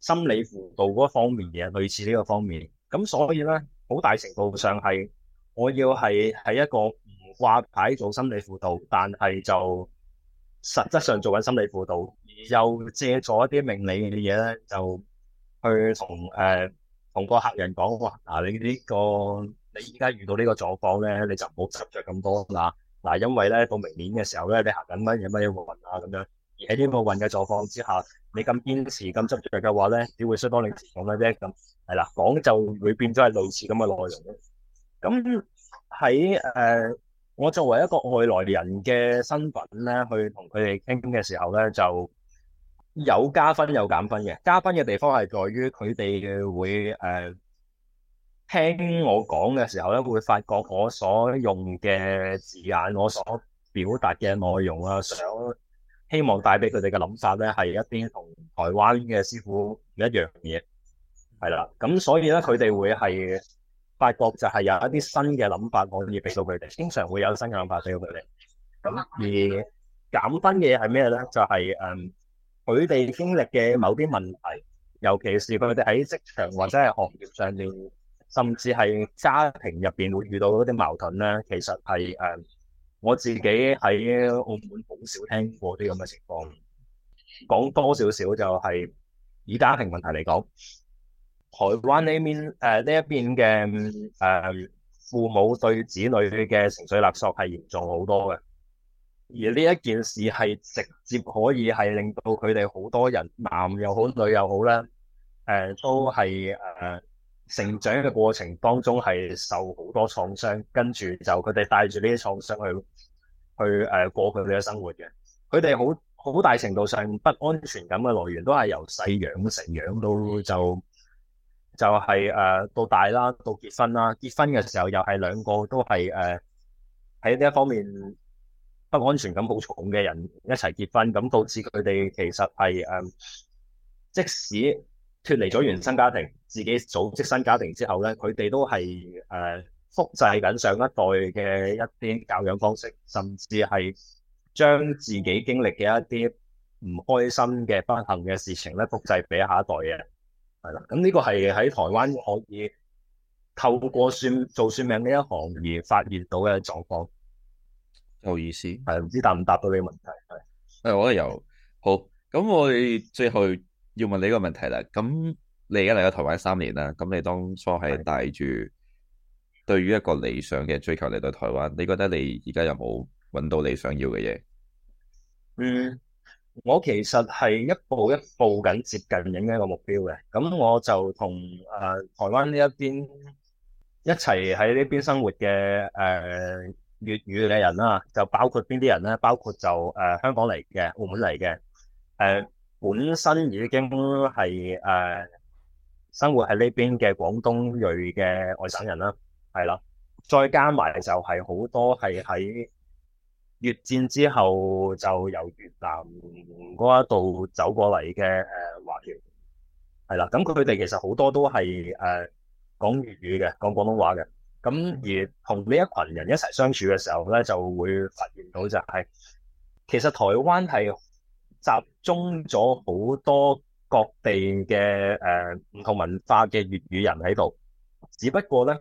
心理輔導嗰方面嘅，類似呢個方面。咁所以咧，好大程度上係我要係喺一個唔掛牌做心理輔導，但係就。實質上做緊心理輔導，而又借助一啲命理嘅嘢咧，就去同誒同個客人講，哇，嗱，這個，你呢個你而家遇到這個呢個狀況咧，你就唔好執着咁多啦。嗱，啊啊，因為咧到明年嘅時候咧，你行緊乜嘢乜嘢冇運啊，咁樣而喺呢個運嘅狀況之下，你咁堅持咁執着嘅話咧，只會衰多你錢咁嘅啫。咁係啦，講就會變咗係類似咁嘅內容。咁喺誒。在呃我作為一個外來人嘅身份咧，去同佢哋傾嘅時候咧，就有加分有減分嘅。加分嘅地方係在於佢哋會誒、呃、聽我講嘅時候咧，會發覺我所用嘅字眼，我所表達嘅內容啊，想希望帶俾佢哋嘅諗法咧，係一啲同台灣嘅師傅唔一樣嘢，係啦。咁所以咧，佢哋會係。發覺就係有一啲新嘅諗法可以俾到佢哋，經常會有新嘅諗法俾到佢哋。咁而減分嘅嘢係咩咧？就係、是、誒，佢、嗯、哋經歷嘅某啲問題，尤其是佢哋喺職場或者係學業上面，甚至係家庭入邊會遇到嗰啲矛盾咧，其實係誒、嗯，我自己喺澳門好少聽過啲咁嘅情況，講多少少就係以家庭問題嚟講。台灣呢邊誒呢一邊嘅誒父母對子女嘅情緒勒索係嚴重好多嘅，而呢一件事係直接可以係令到佢哋好多人男又好女又好啦，誒、呃、都係誒、呃、成長嘅過程當中係受好多創傷，跟住就佢哋帶住呢啲創傷去去誒、呃、過佢哋嘅生活嘅，佢哋好好大程度上不安全感嘅來源都係由細養成養到就。就係誒，到大啦，到結婚啦，結婚嘅時候又係兩個都係誒，喺呢一方面不安全感好重嘅人一齊結婚，咁導致佢哋其實係誒，即使脫離咗原生家庭，自己組織新家庭之後咧，佢哋都係誒複製緊上一代嘅一啲教養方式，甚至係將自己經歷嘅一啲唔開心嘅不幸嘅事情咧，複製俾下一代嘅。係啦，咁呢個係喺台灣可以透過算做算命呢一行而發現到嘅狀況。好意思，係唔知答唔答到你問題？係誒，我覺得有。好，咁我哋最後要問你一個問題啦。咁你而家嚟咗台灣三年啦，咁你當初係帶住對於一個理想嘅追求嚟到台灣，的你覺得你而家有冇搵到你想要嘅嘢？嗯。我其實係一步一步緊接近呢一個目標嘅，咁我就同誒、呃、台灣呢一邊一齊喺呢邊生活嘅誒粵語嘅人啦、啊，就包括邊啲人咧、啊？包括就誒、呃、香港嚟嘅、澳門嚟嘅，誒、呃、本身已經係誒、呃、生活喺呢邊嘅廣東裔嘅外省人啦、啊，係啦，再加埋就係好多係喺。越戰之後就由越南嗰一度走過嚟嘅誒華僑係啦，咁佢哋其實好多都係誒講粵語嘅，講廣東話嘅，咁而同呢一群人一齊相處嘅時候咧，就會發現到就係其實台灣係集中咗好多各地嘅誒唔同文化嘅粵語人喺度，只不過咧。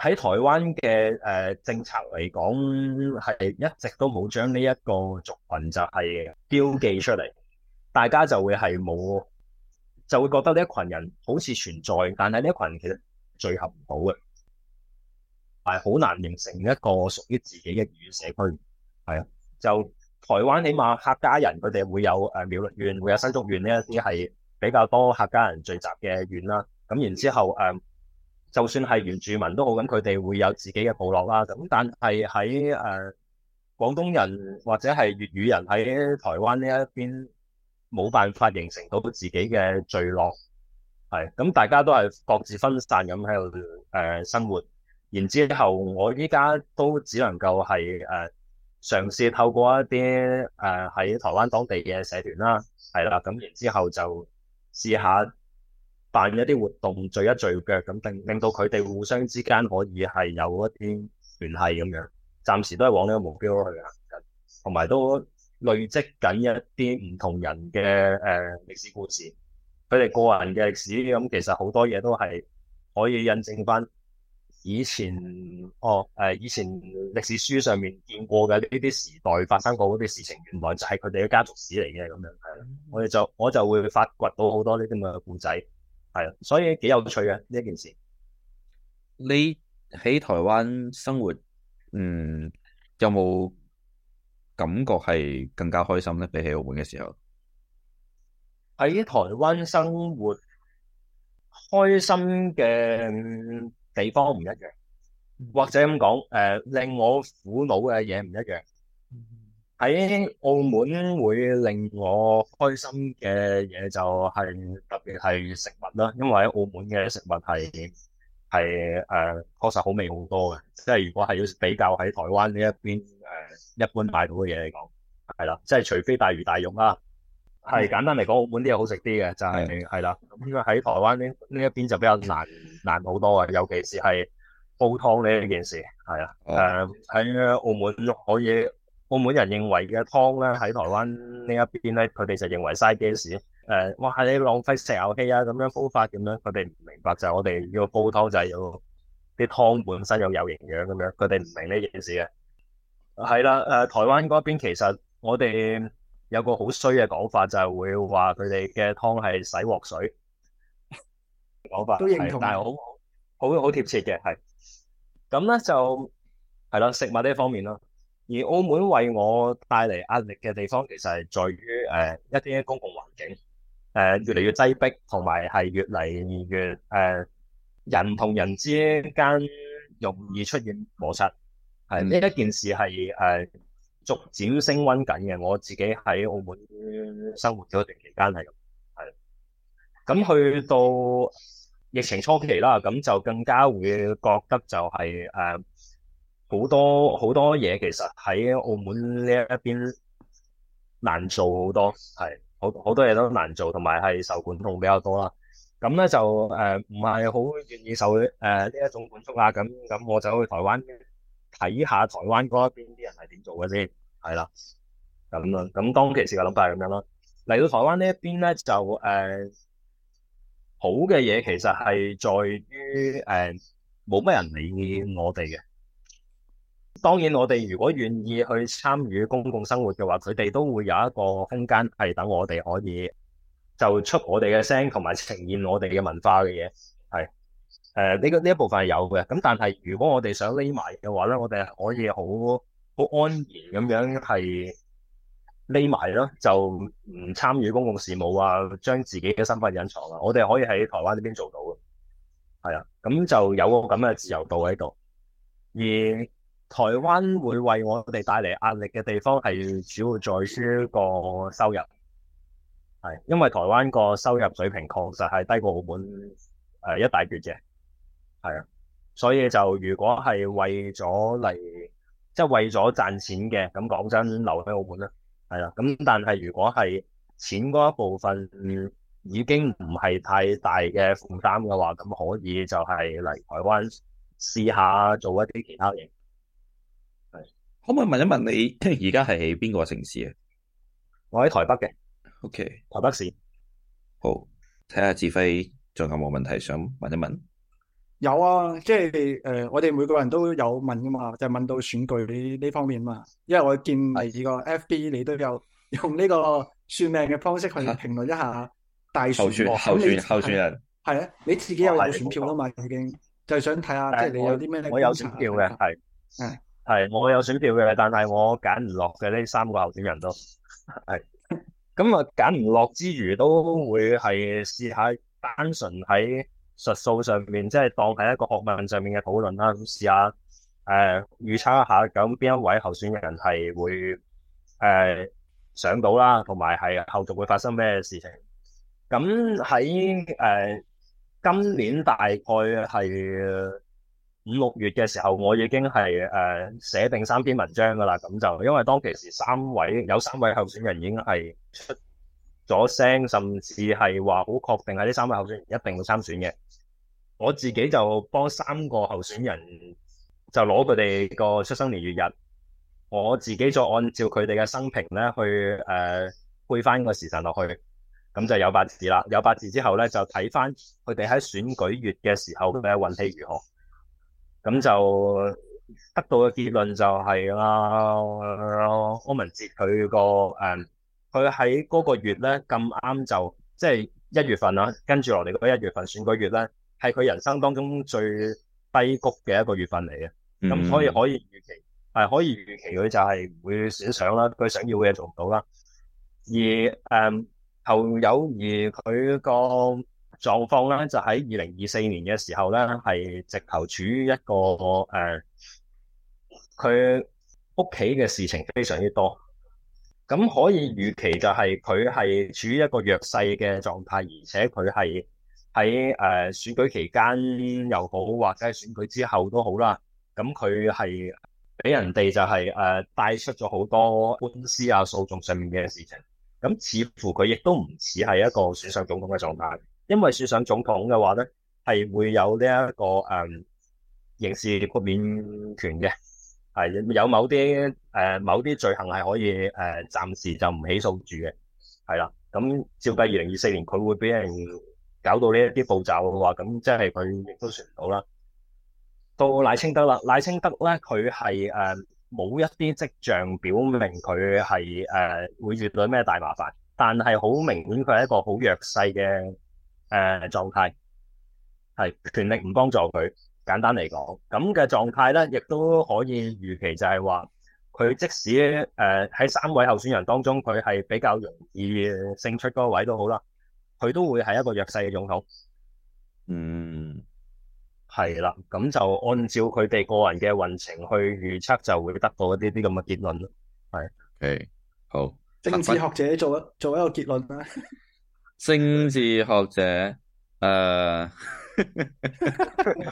喺台灣嘅誒、呃、政策嚟講，係一直都冇將呢一個族群就係標記出嚟，大家就會係冇就會覺得呢一群人好似存在，但係呢一群其實聚合唔到嘅，係好難形成一個屬於自己嘅粵語社區。係啊，的就台灣起碼客家人佢哋會有誒苗栗縣、會有新竹縣呢一啲係比較多客家人聚集嘅縣啦。咁然之後誒。呃就算係原住民都好，咁，佢哋會有自己嘅部落啦。咁但係喺誒廣東人或者係粵語人喺台灣呢一邊，冇辦法形成到自己嘅聚落，係咁大家都係各自分散咁喺度誒生活。然之後我依家都只能夠係誒、呃、嘗試透過一啲誒喺台灣當地嘅社團啦，係啦。咁然之後就試下。辦一啲活動聚一聚腳咁，令令到佢哋互相之間可以係有一啲聯繫咁樣。暫時都係往呢個目標去行緊，同埋都累積緊一啲唔同人嘅誒、呃、歷史故事。佢哋個人嘅歷史咁，其實好多嘢都係可以印證翻以前哦、呃、以前歷史書上面見過嘅呢啲時代發生過嗰啲事情，原來就係佢哋嘅家族史嚟嘅咁樣。係啦，我哋就我就會發掘到好多呢啲咁嘅故仔。係啊，所以幾有趣嘅呢一件事。你喺台灣生活，嗯，有冇感覺係更加開心咧？比起澳門嘅時候，喺台灣生活開心嘅地方唔一樣，或者咁講，誒、呃，令我苦惱嘅嘢唔一樣。喺澳門會令我開心嘅嘢就係特別係食物啦，因為喺澳門嘅食物係係誒確實好味好多嘅，即係如果係要比較喺台灣呢一邊誒、呃、一般買到嘅嘢嚟講，係啦，即係除非大魚大肉啦，係簡單嚟講，澳門啲嘢好食啲嘅就係係啦，咁喺台灣呢呢一邊就比較難難好多嘅，尤其是係煲湯呢件事，係、呃、啊，誒喺澳門可以。澳門人認為嘅湯咧，喺台灣呢一邊咧，佢哋就認為嘥 gas，誒，哇，你浪費石油氣啊，咁樣煲法咁樣，佢哋唔明白就係、是、我哋要煲湯就係要啲湯本身有有營養咁樣，佢哋唔明呢件事嘅。係啦，誒、呃，台灣嗰邊其實我哋有個好衰嘅講法，就係、是、會話佢哋嘅湯係洗鑊水講法，都認同，但係好好好貼切嘅，係。咁咧就係啦，食物呢一方面啦。而澳門為我帶嚟壓力嘅地方，其實係在於誒、呃、一啲公共環境誒、呃、越嚟越擠迫，同埋係越嚟越誒、呃、人同人之間容易出現摩擦。係呢一件事係誒、呃、逐漸升溫緊嘅。我自己喺澳門生活咗一段期間係咁，係咁去到疫情初期啦，咁就更加會覺得就係、是、誒。呃好多好多嘢，其實喺澳門呢一邊難做好多，係好好多嘢都難做，同埋係受管控比較多、呃呃、啦。咁咧，就誒唔係好願意受誒呢一種管控啦。咁咁我就去台灣睇下台灣嗰一邊啲人係點做嘅先，係啦。咁樣，咁當其時嘅諗法係咁樣啦。嚟到台灣呢一邊咧就誒、呃、好嘅嘢，其實係在於誒冇乜人理我哋嘅。當然，我哋如果願意去參與公共生活嘅話，佢哋都會有一個空間係等我哋可以就出我哋嘅聲，同埋呈現我哋嘅文化嘅嘢。係誒，呢個呢一部分係有嘅。咁但係如果我哋想匿埋嘅話咧，我哋係可以好好安然咁樣係匿埋咯，就唔參與公共事務啊，將自己嘅身份隱藏啊。我哋可以喺台灣呢邊做到嘅，係啊，咁就有個咁嘅自由度喺度而。台灣會為我哋帶嚟壓力嘅地方係主要在於個收入係，因為台灣個收入水平確實係低過澳門誒一大段嘅係啊。所以就如果係為咗嚟即係為咗賺錢嘅，咁講真留喺澳門啦。係啦，咁但係如果係錢嗰一部分已經唔係太大嘅負擔嘅話，咁可以就係嚟台灣試下做一啲其他嘢。可唔可以問一問你，而家係喺邊個城市啊？我喺台北嘅。O Okay , K，台北市。好，睇下志輝仲有冇問題？想問一問。有啊，即係誒，我哋每個人都有問噶嘛，就係，問到選舉呢呢方面啊嘛。因為我見第二個 F B 的你都有用呢個算命嘅方式去評論一下大選。候選候選，候選人係啊，你自己有冇選票咯嘛？已經、哦、就係想睇下，即係你有啲咩？我有選票嘅，係。係，我有選票嘅，但係我揀唔落嘅呢三個候選人都係，咁啊揀唔落之餘，都會係試下單純喺術數上面，即係當係一個學問上面嘅討論啦。咁試下誒預測一下，咁邊一位候選人係會誒上到啦，同埋係後續會發生咩事情？咁喺誒今年大概係五六月嘅時候，我已經係誒寫定三篇文章噶啦。咁就因為當其時三位有三位候選人已經係出咗聲，甚至係話好確定係呢三位候選人一定會參選嘅。我自己就幫三個候選人就攞佢哋個出生年月日，我自己就按照佢哋嘅生平咧去誒、呃、配翻個時辰落去，咁就有八字啦。有八字之後咧，就睇翻佢哋喺選舉月嘅時候嘅運氣如何。咁就得到嘅結論就係啦，柯文哲佢個誒，佢喺嗰個月咧咁啱就即係、就是、一月份啦、啊，跟住落嚟嗰一月份選舉、那個、月咧，係佢人生當中最低谷嘅一個月份嚟嘅。咁、嗯、所以可以預期，係、啊、可以預期佢就係會會選上啦，佢想要嘅嘢做唔到啦。而誒侯友宜佢個。狀況咧就喺二零二四年嘅時候咧，係直頭處於一個誒，佢屋企嘅事情非常之多，咁可以預期就係佢係處於一個弱勢嘅狀態，而且佢係喺誒選舉期間又好，或者係選舉之後都好啦，咁佢係俾人哋就係、是、誒、呃、帶出咗好多官司啊、訴訟上面嘅事情，咁似乎佢亦都唔似係一個選上總統嘅狀態。因為算上總統嘅話咧，係會有呢、這、一個誒、嗯、刑事豁免權嘅，係有某啲誒、呃、某啲罪行係可以誒暫、呃、時就唔起訴住嘅，係啦。咁照計二零二四年佢會俾人搞到呢一啲步驟嘅話，咁即係佢亦都算唔到啦。到賴清德啦，賴清德咧佢係誒冇一啲跡象表明佢係誒會遇到咩大麻煩，但係好明顯佢係一個好弱勢嘅。誒，狀態係權力唔幫助佢，簡單嚟講，咁嘅狀態咧，亦都可以預期就係話，佢即使誒喺、呃、三位候選人當中，佢係比較容易勝出嗰位都好啦，佢都會係一個弱勢總統。嗯，係啦，咁就按照佢哋個人嘅運程去預測，就會得到一啲啲咁嘅結論咯。係、okay。好，政治學者做一做一個結論啦。 政治學者，誒、呃，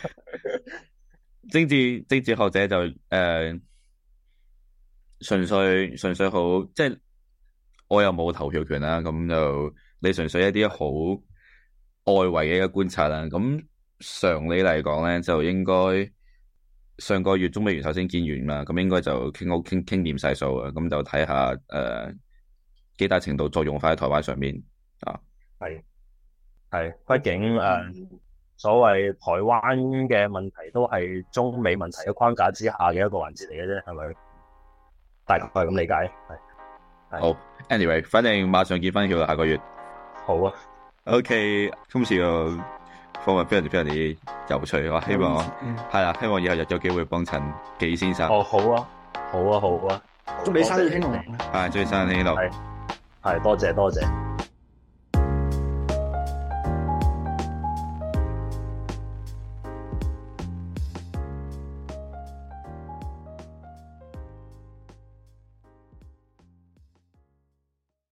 政治政治學者就誒，純、呃、粹純粹好，即、就、係、是、我又冇投票權啦，咁就你純粹一啲好外圍嘅一個觀察啦。咁常理嚟講咧，就應該上個月中美元首頭先見完啦，咁應該就傾好傾傾掂晒數啊，咁就睇下誒，幾大程度作用喺台灣上面啊。係係，畢竟誒、呃，所謂台灣嘅問題都係中美問題嘅框架之下嘅一個環節嚟嘅啫，係咪？大概係咁理解。係好，Anyway，反正馬上結婚叫下個月。好啊，OK，今次個訪問非常之非常之有趣啊！我希望係啊、嗯，希望以後有咗機會幫襯紀先生。哦，好啊，好啊，好啊，祝你生意興隆。係、啊，祝你生意興隆。係，係，多謝，多謝。